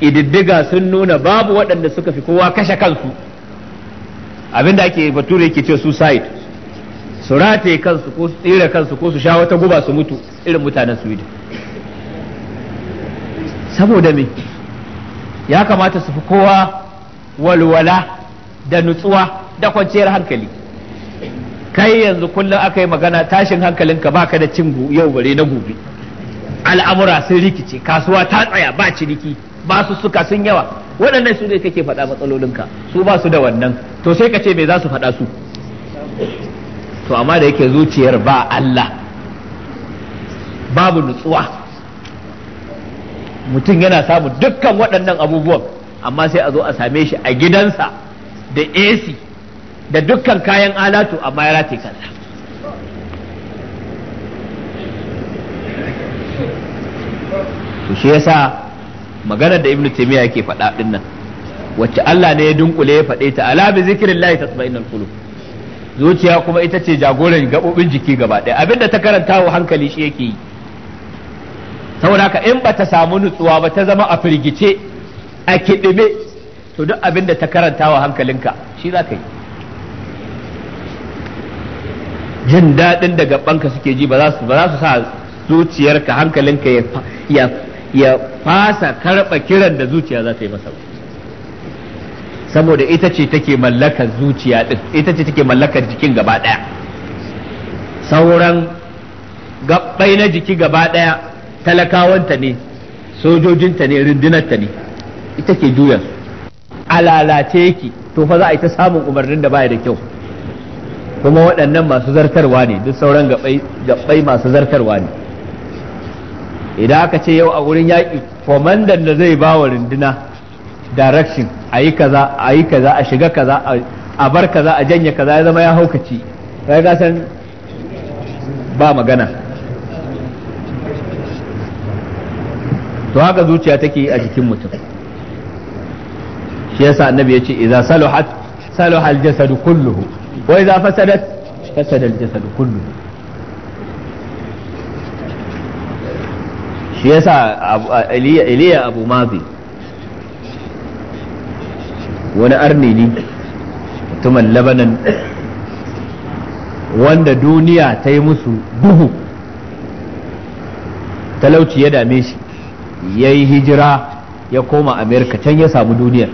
Speaker 1: Ididdiga sun nuna babu waɗanda suka fi kowa kashe kansu abinda ake bature yake ce suicide su rataye kansu ko su tsira kansu ko su sha wata guba su mutu irin mutanen sweden saboda me ya kamata su fi kowa walwala da nutsuwa da kwanciyar hankali kai yanzu kullum aka yi magana tashin hankalinka baka da cin yau bare na gobe al'amura sun rikice kasuwa ta tsaya ba ciniki ba su suka sun yawa waɗannan su ne kake faɗa matsalolinka su ba su da wannan to sai ka ce me za su faɗa su to amma da yake zuciyar ba Allah babu nutsuwa mutum yana samu dukkan waɗannan abubuwan amma sai a zo a same shi a gidansa da AC da dukkan kayan alatu amma ya rataye kansa to shi yasa maganar da ibnu taymiya yake faɗa din nan wacce Allah ne ya dunkule ya faɗe ta ala bi zikrillah tatma'innul qulub zuciya kuma ita ce jagoran gabobin jiki gaba ɗaya abinda ta karanta wa hankali shi yake yi saboda haka in bata samu nutsuwa ba ta zama a firgice a kidime, to duk abinda ta karanta wa hankalinka shi za ka yi jin daɗin da gabanka suke ji ba za su sa zuciyarka hankalinka ya ya fasa karɓa kiran da zuciya za ta yi masa saboda ita ce take mallakar zuciya din ita ce take mallakar jikin gaba ɗaya sauran gabbai na jiki gaba ɗaya talakawanta ne sojojinta ne rundunarta ne ita ke juya a lalace yake to fa za a yi ta samun umarnin da baya da kyau kuma waɗannan masu zartarwa ne duk sauran gabbai masu zartarwa ne idan aka ce yau a wurin yaƙi kwamandan da zai ba wa runduna direction a yi kaza a yi kaza a shiga kaza a bar kaza a janye kaza ya zama ya haukaci sai ga san ba magana to haka zuciya take a jikin mutum shi yasa annabi yace idza saluhat saluhal jasadu kulluhu wa idza fasadat fasada al-jasadu kulluhu shi sa iliya abu mazi wani arni ne mutumin labanan wanda duniya ta yi musu duhu talauci ya dame shi ya yi hijira ya koma amerika can ya samu duniya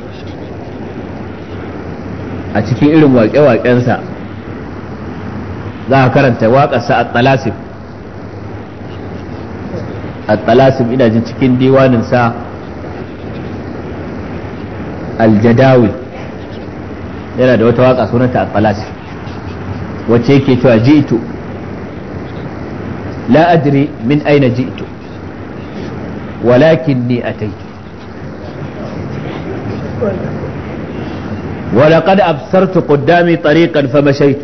Speaker 1: a cikin irin waƙe-waƙensa za a karanta waƙarsa a talasif at-talasim ina jin cikin diwanin sa al-jadawi yana da wata waka sunanta at-talasim wacce yake cewa jitu la adri min aina jitu walakinni ataitu ولقد أبصرت قدامي طريقا فمشيت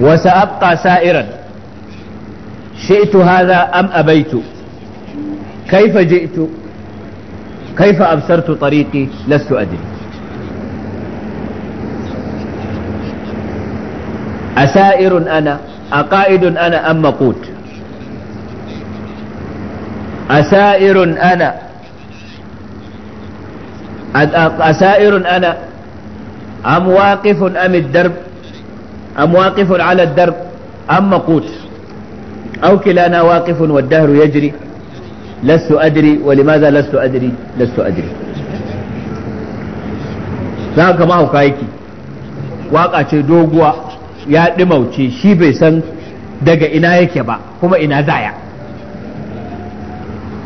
Speaker 1: وسأبقى سائرا شئت هذا أم أبيت كيف جئت كيف أبصرت طريقي لست أدري أسائر أنا أقائد أنا أم مقود أسائر أنا أسائر أنا أم واقف أم الدرب أم واقف على الدرب أم مقود أو كلانا واقف والدهر يجري لست أدري ولماذا لست أدري لست أدري za ka mahauka yake waka ce doguwa ya ɗimauce shi bai san daga ina yake ba kuma ina zaya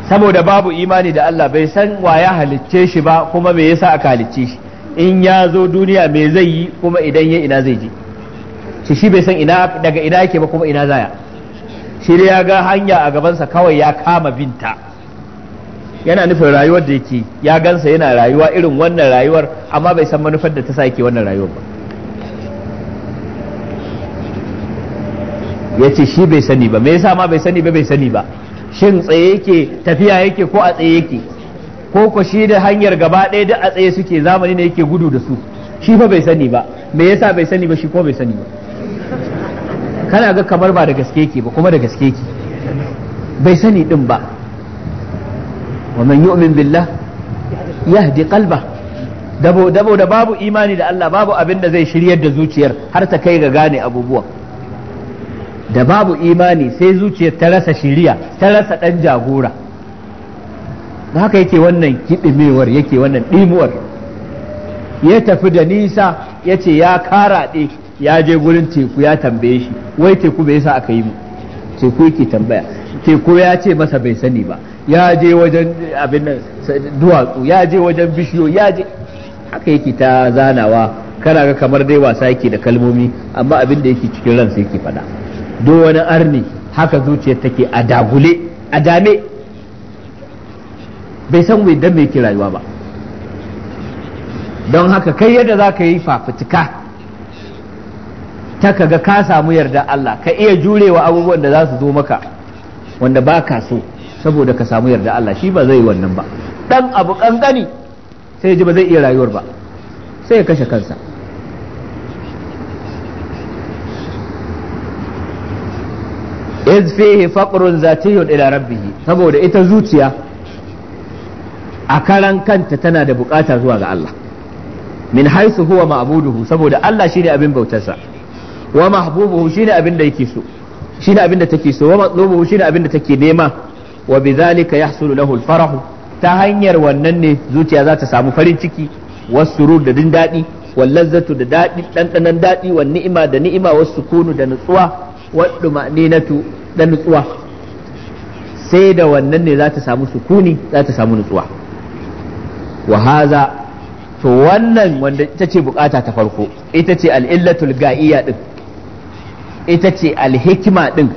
Speaker 1: saboda babu imani da Allah bai san wa ya halicce shi ba kuma me yasa aka halicce in ya zo duniya me zai yi kuma idan ya ina zai je shi bai san daga ina yake ba kuma ina zaya shi ya ga hanya a gabansa kawai ya kama binta yana nufin rayuwar da yake ya gansa yana rayuwa irin wannan rayuwar amma bai san manufar da ta sa yake wannan rayuwar ba ya ce shi bai sani ba me yasa ma bai sani ba bai sani ba shin tsaye yake tafiya yake ko a tsaye yake ko ko shi da hanyar gaba ɗaya duk a tsaye suke zamani ne yake gudu da su shi fa bai sani ba me yasa bai sani ba shi ko bai sani ba kana ga kamar ba da gaske ke ba kuma da gaske ke bai sani din ba wa man yu'min billah yahdi qalba dabo dabo da babu imani da Allah babu abin da zai shiryar da zuciyar har ta kai ga gane abubuwa da babu imani sai zuciyar ta rasa shiriya ta rasa dan jagora haka yake wannan kidimewar yake wannan dimuwar ya tafi da nisa ya ce ya karaɗe ya je gurin teku ya tambaye shi wai teku bai sa aka yi mu teku yake tambaya teku ya ce masa bai sani ba ya je wajen abin nan duwatsu ya je wajen bishiyo ya je haka yake ta zanawa kana ga kamar dai wasa yake da kalmomi amma abin da yake cikin ransa yake faɗa do wani arni haka zuciyar take a dagule a dame bai san wai dan me yake rayuwa ba don haka kai yadda za ka yi fafutuka ta kaga ka samu yarda Allah ka iya jurewa abubuwan da za su zo maka wanda ba ka so saboda ka samu yarda Allah shi ba zai wannan ba dan abu kankani sai ji ba zai iya rayuwar ba sai ya kashe kansa iz fihi faqrun zatiyyun ila rabbih saboda ita zuciya a karan kanta tana da bukata zuwa ga Allah min haisu huwa ma'buduhu saboda Allah shine abin bautarsa wa mahbubuhu shine abin da yake so shine abin da take so wa matlubuhu shine abin da take nema wa bidhalika yahsulu lahu al ta hanyar wannan ne zuciya za ta samu farin ciki wasurur da din daɗi lazzatu da daɗi ɗanɗanan daɗi wa ni'ima da ni'ima wasu kunu da nutsuwa waddu ma'ninatu da nutsuwa sai da wannan ne za ta samu sukuni za ta samu nutsuwa wa haza to wannan wanda ita ce bukata ta farko ita ce al'illatul ga'iyya din ita ce alhikima din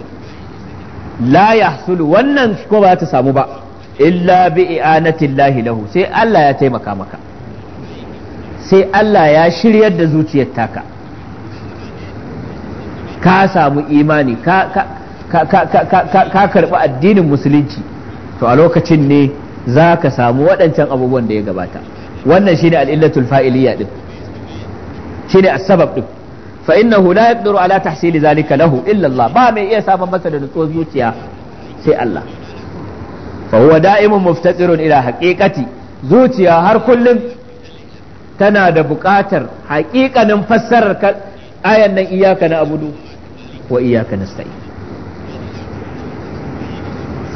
Speaker 1: la yahsulu wannan ko ba ta samu ba illa bi lahi lahu sai Allah ya taimaka maka sai Allah ya shiryar da zuciyar taka ka samu imani ka ka karɓi addinin musulunci to a lokacin ne za ka samu waɗancan abubuwan da ya gabata wannan shine al'illatul fa'iliya din shine as-sabab din fa ya la yaqdiru ala tahsili zalika lahu illa Allah ba mai iya samun masa da nutsuwar zuciya sai Allah fa huwa da'imun muftatirun ila haqiqati zuciya har kullum tana da buƙatar haƙiƙanin fassarar ayan nan iyaka na abudu wa iyaka nasta'in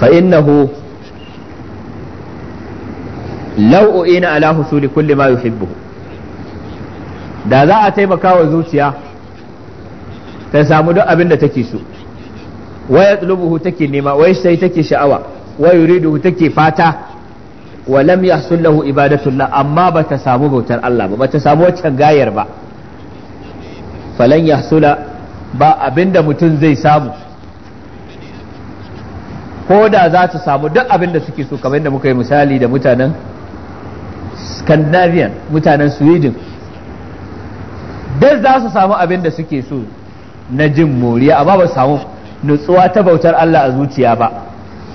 Speaker 1: fa innahu law u'ina ala husuli kulli ma da za a taimakawa zuciya ta samu duk abin da take so wa yatlubuhu take nema wa sai take sha'awa wa yuridu take fata wa lam yahsul lahu ibadatullah amma ba ta samu bautar Allah ba ta samu waccan gayar ba falan yahsula ba abinda mutum zai samu ko da za ta samu duk abin da suke so kamar yadda muka yi misali da mutanen scandinavian mutanen sweden duk za su samu abin da suke so na jin moriya amma ba samu nutsuwa ta bautar Allah a zuciya ba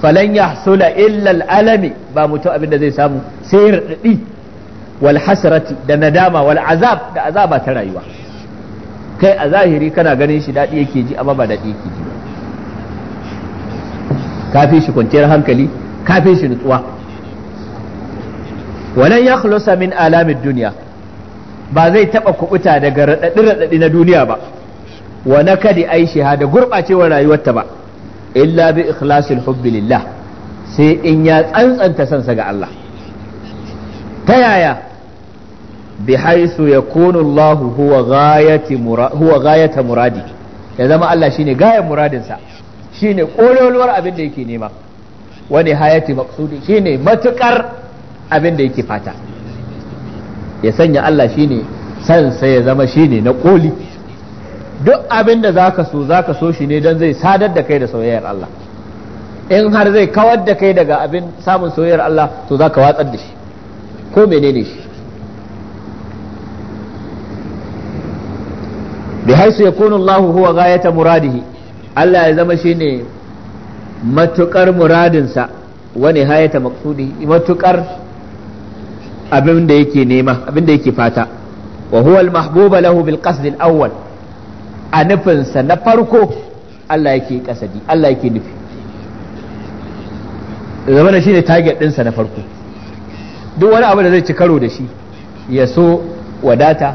Speaker 1: falan yahsula illa alami ba mutum abin da zai samu sai radadi wal hasrati da nadama wal azab da azaba ta rayuwa kai a zahiri kana ganin shi dadi yake ji amma ba dadi yake ji kafin shi kwanciyar hankali kafin shi nutsuwa walan yakhlusa min alamid dunya ba zai taɓa kubuta daga radadi raɗaɗi na duniya ba wa nakadi aishiha da gurbacewar rayuwarta ba illa bi ikhlasil hubbi lillah sai in ya tsantsanta sansa ga Allah ta yaya bi haisu yakunu Allah huwa ghayati huwa ghayata muradi ya zama Allah shine gayan muradinsa shine kololuwar abin da yake nema wani hayati maqsudi shine matukar abin da yake fata ya sanya Allah shine sansa ya zama shine na koli duk abin da zaka so zaka so shi ne don zai sadar da kai da soyayyar Allah in har zai kawar da kai daga abin samun soyayyar Allah to zaka watsar da shi ko menene shi bi haisu yakunu Allah huwa ghayata muradihi Allah ya zama shine matukar muradinsa wani hayata maksudi matukar abin da yake nema abin da yake fata wa huwa al-mahbuba lahu bil qasd al-awwal a nufinsa na farko Allah yake kasadi Allah yake nufi Zama shi ne target ɗinsa na farko duk wani abu da zai ci karo da shi ya so wadata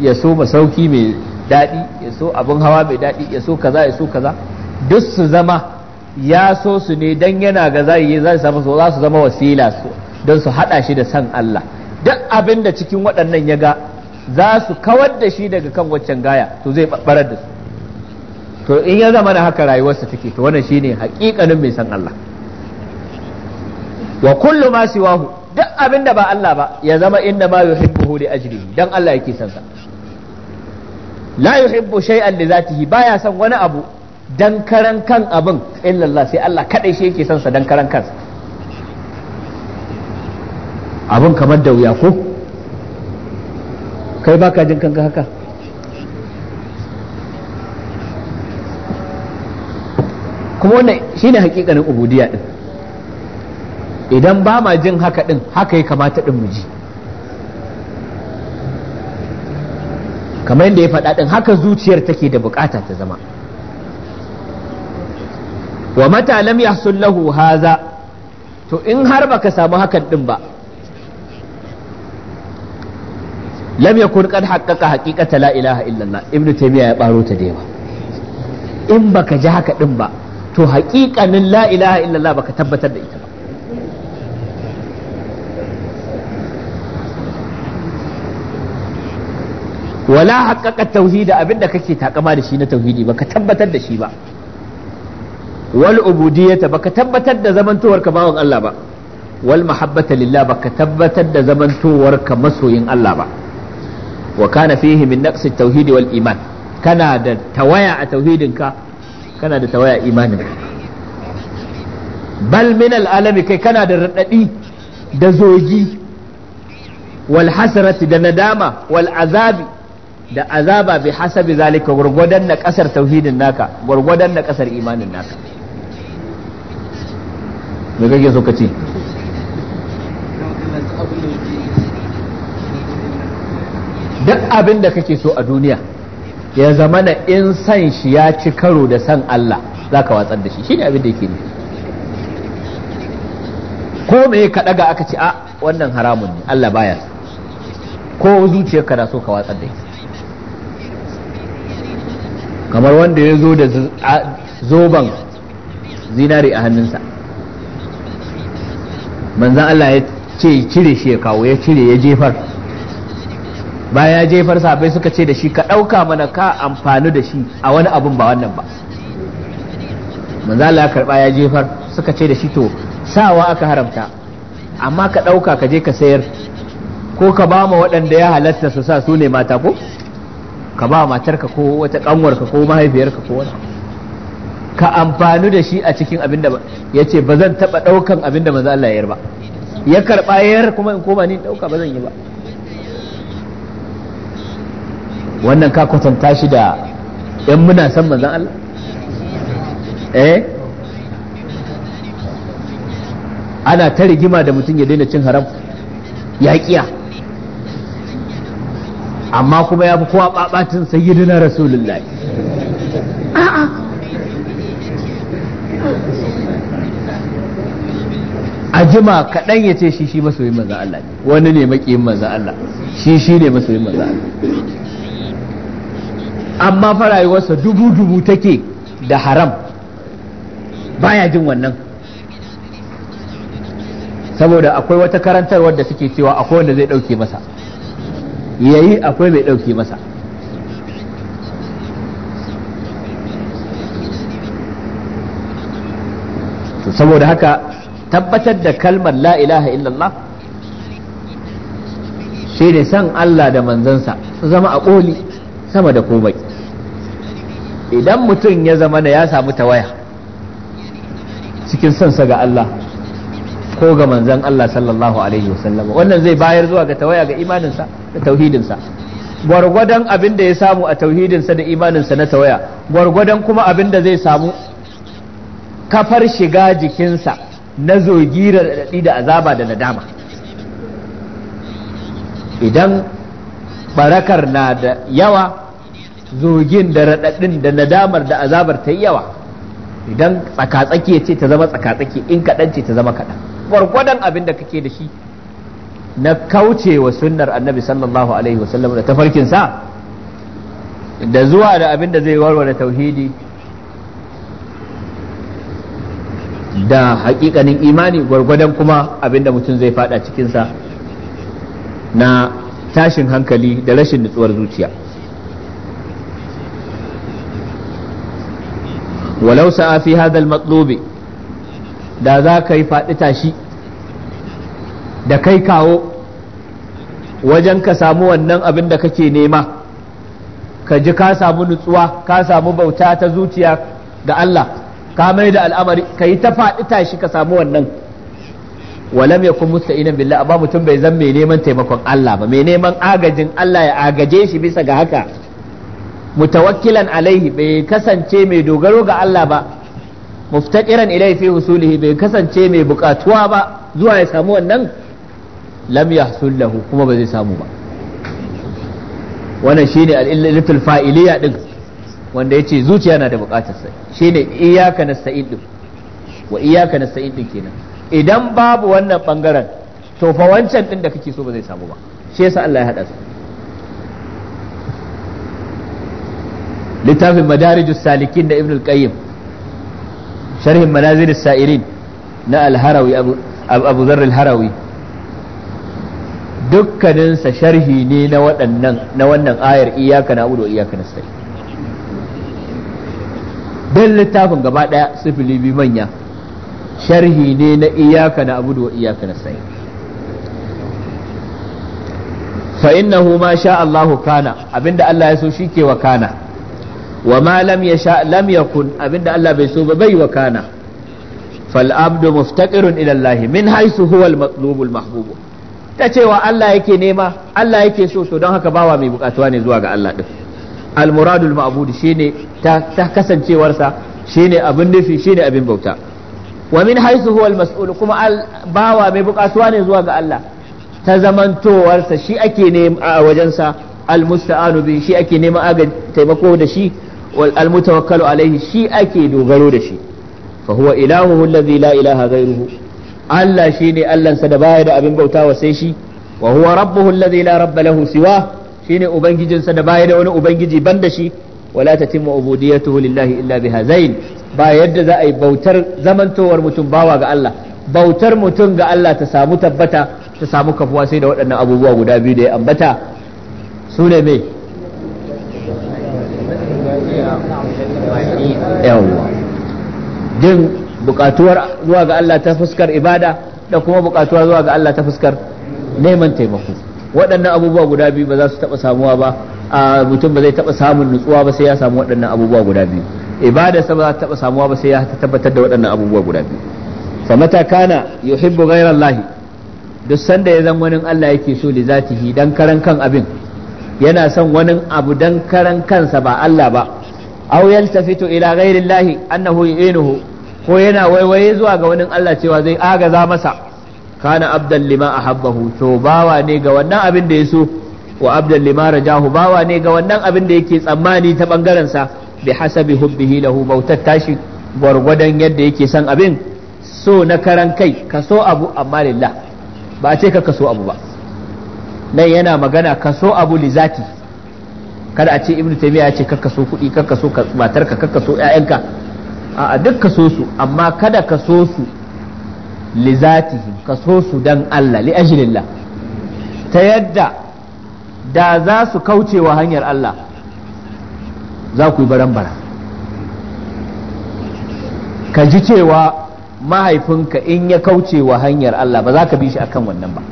Speaker 1: ya so masauki mai daɗi ya so abin hawa mai daɗi ya so kaza ya so kaza duk su zama ya so su ne don yana ga zai za su zama wasila don su haɗa shi da san Allah duk abin da cikin waɗannan ya ga za su kawar da shi daga kan waccan gaya to zai barar da su to in ya zama na haka rayuwarsa take to wannan shine hakikanin mai san Allah wa kullu ma siwahu duk abin da ba Allah ba ya zama inda ma yuhibbuhu li ajrihi dan Allah yake son sa la yuhibbu shay'an li zatihi baya san wani abu dan karan kan abin illa Allah sai Allah kadai shi yake son sa dan karan kansa abin kamar da wuya ko kai ba ka jin kanka haka kuma wannan shine hakikanin ubudiyya din idan ba ma jin haka din haka ya kamata din mu ji kamar yadda ya faɗa din haka zuciyar take da bukata ta zama wa mata lam yahsul lahu haza to in har baka samu hakan din ba lam yakun qad haqqaqa haqiqata la ilaha illallah ibnu taymiya ya baro ta da yawa in baka ji haka din ba to haƙiƙanin la ilaha illallah baka tabbatar da ita ba wala haƙaƙa tauhida abinda kake takama da shi na tauhidi baka tabbatar da shi ba wal ubudiyyata baka tabbatar da zamantowar ka bawan Allah ba wal mahabbata lillah baka tabbatar da zamantowarka masoyin Allah ba wa kana fihi min naqsi tauhidi wal iman kana da tawaya a tauhidinka kana da tawaya imanin bal min al'alami kai kana da raɗaɗi da zogi wal hasrati da nadama wal azabi da azaba bi hasabi zalika gurgudan na kasar tauhidin naka gurgudan na kasar imanin naka me kake so duk abin da kake so a duniya ya zama na in san shi ya ci karo da san Allah za ka watsar da shi shine abin da yake ne ko me ka daga aka ci a wannan haramun ne Allah baya ko zuciyar ka na so ka watsar da shi kamar wanda ya zo da zoban zinari a hannunsa manzan Allah ya ce cire shi ya cire ya jefar baya jefar sahabbai suka ce da shi ka ɗauka mana ka amfani da shi a wani abun ba wannan ba manzo Allah ya karba ya jefar suka ce da shi to sawa aka haramta amma ka ɗauka ka je ka sayar ko ka ba ma waɗanda ya halatta su sa su ne mata ko ka ba matarka ko wata ƙanwarka ko mahaifiyarka ko wani ka amfani da shi a cikin abin da ya ce ba zan taɓa ɗaukan abin da manzo Allah ya yarba ya karɓa yar kuma in koma ni
Speaker 2: ɗauka ba zan yi ba
Speaker 1: wannan ka kwatanta shi da yan muna san manzan Allah eh ana ta rigima da mutum ya daina cin haram ya kiya amma kuma ya fi kowa babatin sayyidina rasulullahi a'a a jima kaɗan ya ce shi shi masoyin manzan Allah ne wani ne maƙiyin manzan Allah shi shi ne masoyin manzan Allah amma farayuwarsa rayuwarsa dubu dubu take da haram baya jin wannan saboda akwai wata karantar da suke cewa akwai wanda zai ɗauke masa yayi akwai mai ɗauke masa to saboda haka tabbatar da kalmar la ilaha illallah shi ne san Allah da manzansa zama a ƙoli sama da komai idan mutum ya zama da ya samu tawaya cikin sonsa ga Allah ko ga manzan Allah sallallahu alaihi wasallam wannan zai bayar zuwa ga tawaya ga imaninsa da tauhidinsa gwargwadon abin da ya samu a tauhidinsa da imaninsa na tawaya gwargwadon kuma abin da zai samu kafar shiga jikinsa na zogirar daɗi da azaba da nadama idan barakar na da yawa zogin da raɗaɗin da nadamar da azabar ta yi yawa idan tsakatsaki ce ta zama tsakatsaki in kaɗan ce ta zama kaɗan gwargwadon abin da kake da shi na kauce wa sunnar annabi sallallahu alaihi wasallam da tafarkinsa da zuwa da abin da zai warware tauhidi da hakikanin imani gwargwadon kuma abin da mutum zai fada cikinsa na tashin hankali da rashin nutsuwar zuciya walau sa'a fi hadha al da za ka yi faɗi tashi da kai kawo wajen ka samu wannan abin da kake nema ka ji ka samu nutsuwa ka samu bauta ta zuciya ga Allah ka mai da al'amari ka yi ta faɗi tashi ka samu wannan walam ya musta musta'inan billah ba mutum bai zan mai neman taimakon Allah ba mai neman agajin Allah ya agaje shi bisa ga haka mutawakkilan alaihi bai kasance mai dogaro ga Allah ba muftaqiran ilaihi fi husulihi bai kasance mai bukatuwa ba zuwa ya samu wannan lam yahsul lahu kuma ba zai samu ba wannan shine al-illatul fa'iliya din wanda yace zuciya na da bukatar sa shine iyyaka nasta'in din wa iyyaka nasta'in din kenan idan babu wannan bangaren to fa wancan din da kake so ba zai samu ba shi yasa Allah ya hada su littafin madarijus salikin da ibn al-qayyim sharhin manazir sa'irin na al-harawi abu zarr al-harawi dukkaninsa sharhi ne na waɗannan na wannan ayar iyaka na wa iyaka nasta'in dan littafin gaba ɗaya sifili biyu manya sharhi ne na iyaka na abudu wa iyaka na sai fa innahu ma sha Allahu kana abinda Allah ya so shike wa kana wa ma lam yasha lam yakun abinda Allah bai so ba bai wakana fal abdu muftaqirun ila Allah min haythu huwa al matlub al mahbub ta cewa Allah yake nema Allah yake so so don haka bawa mai bukatuwa ne zuwa ga Allah din al muradu al ma'bud shine ta, ta kasancewarsa shine abin nufi shine abin bauta wa min haythu huwa al mas'ul kuma al bawa mai bukatuwa ne zuwa ga Allah ta zamantowarsa shi ake nema a wajensa al musta'anu bi shi ake nema taimako da shi wal almutawakkalu alaihi shi ake dogaro da shi fa huwa ilahuhu allazi la ilaha ghairuhu Allah shi Allah sa da baya da abin bautawa sai shi wa huwa rabbuhu allazi la rabba lahu siwa shine ubangijinsa da baya da wani ubangiji banda shi wala tatimmu ubudiyyatuhu lillahi illa bihazain ba yadda za a yi bautar zamantowar mutum bawa ga Allah bautar mutum ga Allah ta samu tabbata ta samu kafuwa sai da waɗannan abubuwa guda biyu da ya ambata su ne mai yawwa jin bukatuwar zuwa ga Allah ta fuskar ibada da kuma bukatuwa zuwa ga Allah ta fuskar neman taimako waɗannan abubuwa guda biyu ba za su taɓa samuwa ba a mutum ba zai taɓa samun nutsuwa ba sai ya samu waɗannan abubuwa guda biyu ibada sa ba za ta taɓa samuwa ba sai ya tabbatar da waɗannan abubuwa guda biyu fa mata kana yuhibbu ghayra Allah duk sanda ya zama wani Allah yake so li zatihi dan karan kan abin yana son wani abu dan karan kansa ba Allah ba aw yaltafitu ila ghairi Allah annahu yu'inuhu ko yana waiwaye zuwa ga wani Allah cewa zai za masa kana abdan lima ahabbahu to bawa ne ga wannan abin da yaso wa abdan lima rajahu bawa ne ga wannan abin da yake tsammani ta bangaren sa bi hasabi hubbihi lahu bautar tashi gwargwadon yadda yake san abin so na karan kai ka so abu amma lillah ba ce ka kaso abu ba nan yana magana kaso abu li zati kada a ce ibnu taymiya ya ce kakka so kuɗi kakka so matarka kakka so ƴaƴanka a duk ka su amma kada ka so su li zatihi ka so su dan Allah li ajlillah ta yadda da za su kauce wa hanyar Allah za ku yi barambara ka ji cewa mahaifinka in ya kauce wa hanyar Allah ba za ka bi shi akan wannan ba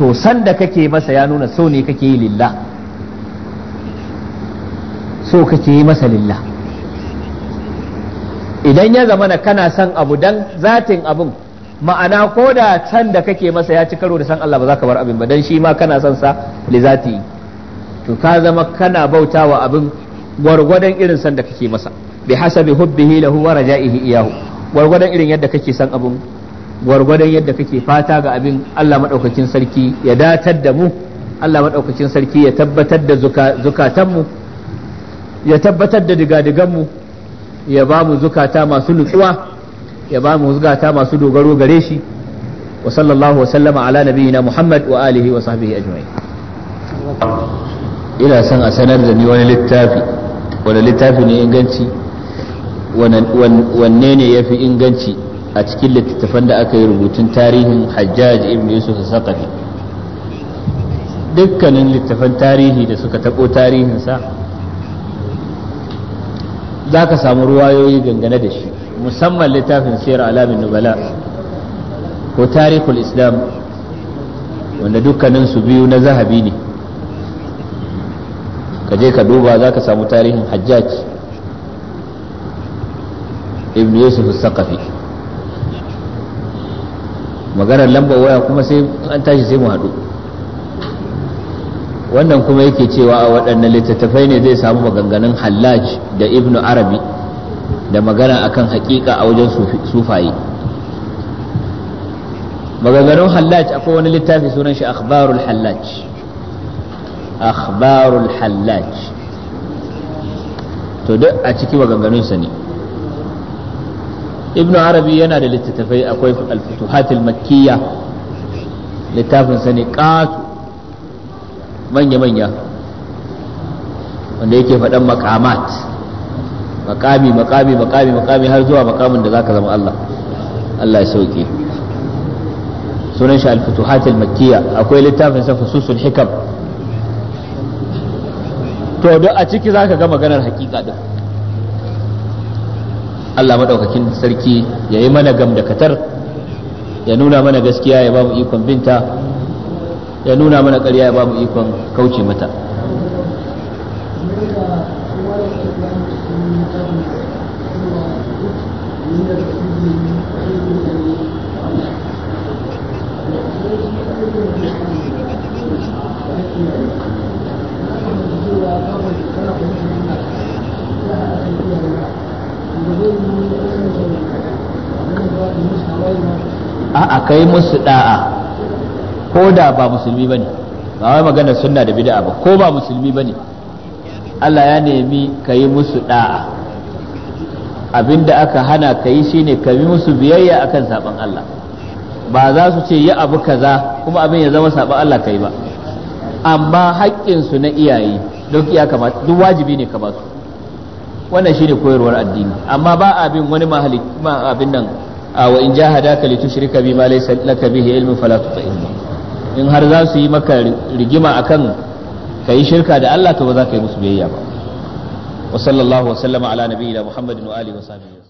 Speaker 1: to sanda kake masa ya nuna so ne kake yi lillah so kake yi masa lillah idan ya zama na kana son abu dan zatin abin ma'ana ko da can da kake masa ya ci karo da san Allah ba za ka bar abin ba dan shi ma kana son sa li zati to ka zama kana bautawa abin gwargwadon irin san da kake masa bi hasabi hubbihi lahu wa raja'ihi iyahu gwargwadon irin yadda kake san abin gwargwadon yadda kake fata ga abin Allah madaukakin sarki ya datar da mu Allah madaukakin sarki ya tabbatar da zukatanmu ya tabbatar da digadiganmu ya ba mu zukata masu nutsuwa ya ba mu zukata masu dogaro gare shi wa sallallahu wa sallama ala nabiyina muhammad wa alihi wa sahbihi ajma'in ina son a sanar da ni wani littafi wani littafi ne inganci wanne ne ya fi inganci a cikin littattafan da aka yi rubutun tarihin hajjaj ibn yusuf saqafi dukkanin littattafan tarihi da suka taɓo tarihinsa za ka samu ruwayoyi dangane da shi musamman littafin siyar alamin nubala ko tarihul islam wanda dukkanin su biyu na zahabi ne ka je ka duba za ka samu tarihin hajjaj ibn yusuf sakafi maganar lambar waya kuma sai an tashi sai mu haɗu wannan kuma yake cewa a waɗannan littattafai ne zai samu maganganun hallaj da ibnu arabi da magana akan hakika a wajen sufaye maganganun hallaj akwai wani littafi sunan shi akhbarul hallaj akhbarul hallaj to duk a ciki maganganunsa ne ibnu arabi yana da littattafai akwai al-futuhatul makkiyya littafin sa ne qatu manya-manya wanda yake faɗan makamat makami makami makami makami har zuwa makamin da zaka zama Allah Allah ya sauke sunan shi al-futuhat al-makkiyya akwai littafin sa fususul hikam to duk a ciki zaka ga maganar hakika din Allah madaukakin sarki yayi mana gamdakatar ya nuna mana gaskiya ya ba mu ikon binta ya nuna mana ƙarya ya ba mu ikon kauce mata a kai musu da'a ko da ba musulmi bane ba wai magana sunna da bid'a ba ko ba musulmi bane Allah ya nemi ka yi musu da'a abinda aka hana ka yi shine ka yi musu biyayya akan saban Allah ba za su ce yi abu kaza kuma abin ya zama saban Allah kai ba amma haƙƙinsu na iyaye duk iya kamata duk wajibi ne ka ba su wannan shine koyarwar addini amma ba abin wani ma abin nan a wa in jahadaka bi ma laysa laka bihi ilmun fala tuti'hum in har za su yi maka rigima akan ka yi shirka da Allah to ba za ka yi musu biyayya ba wa sallallahu wa sallama ala nabiyina muhammadin wa alihi wa sahbihi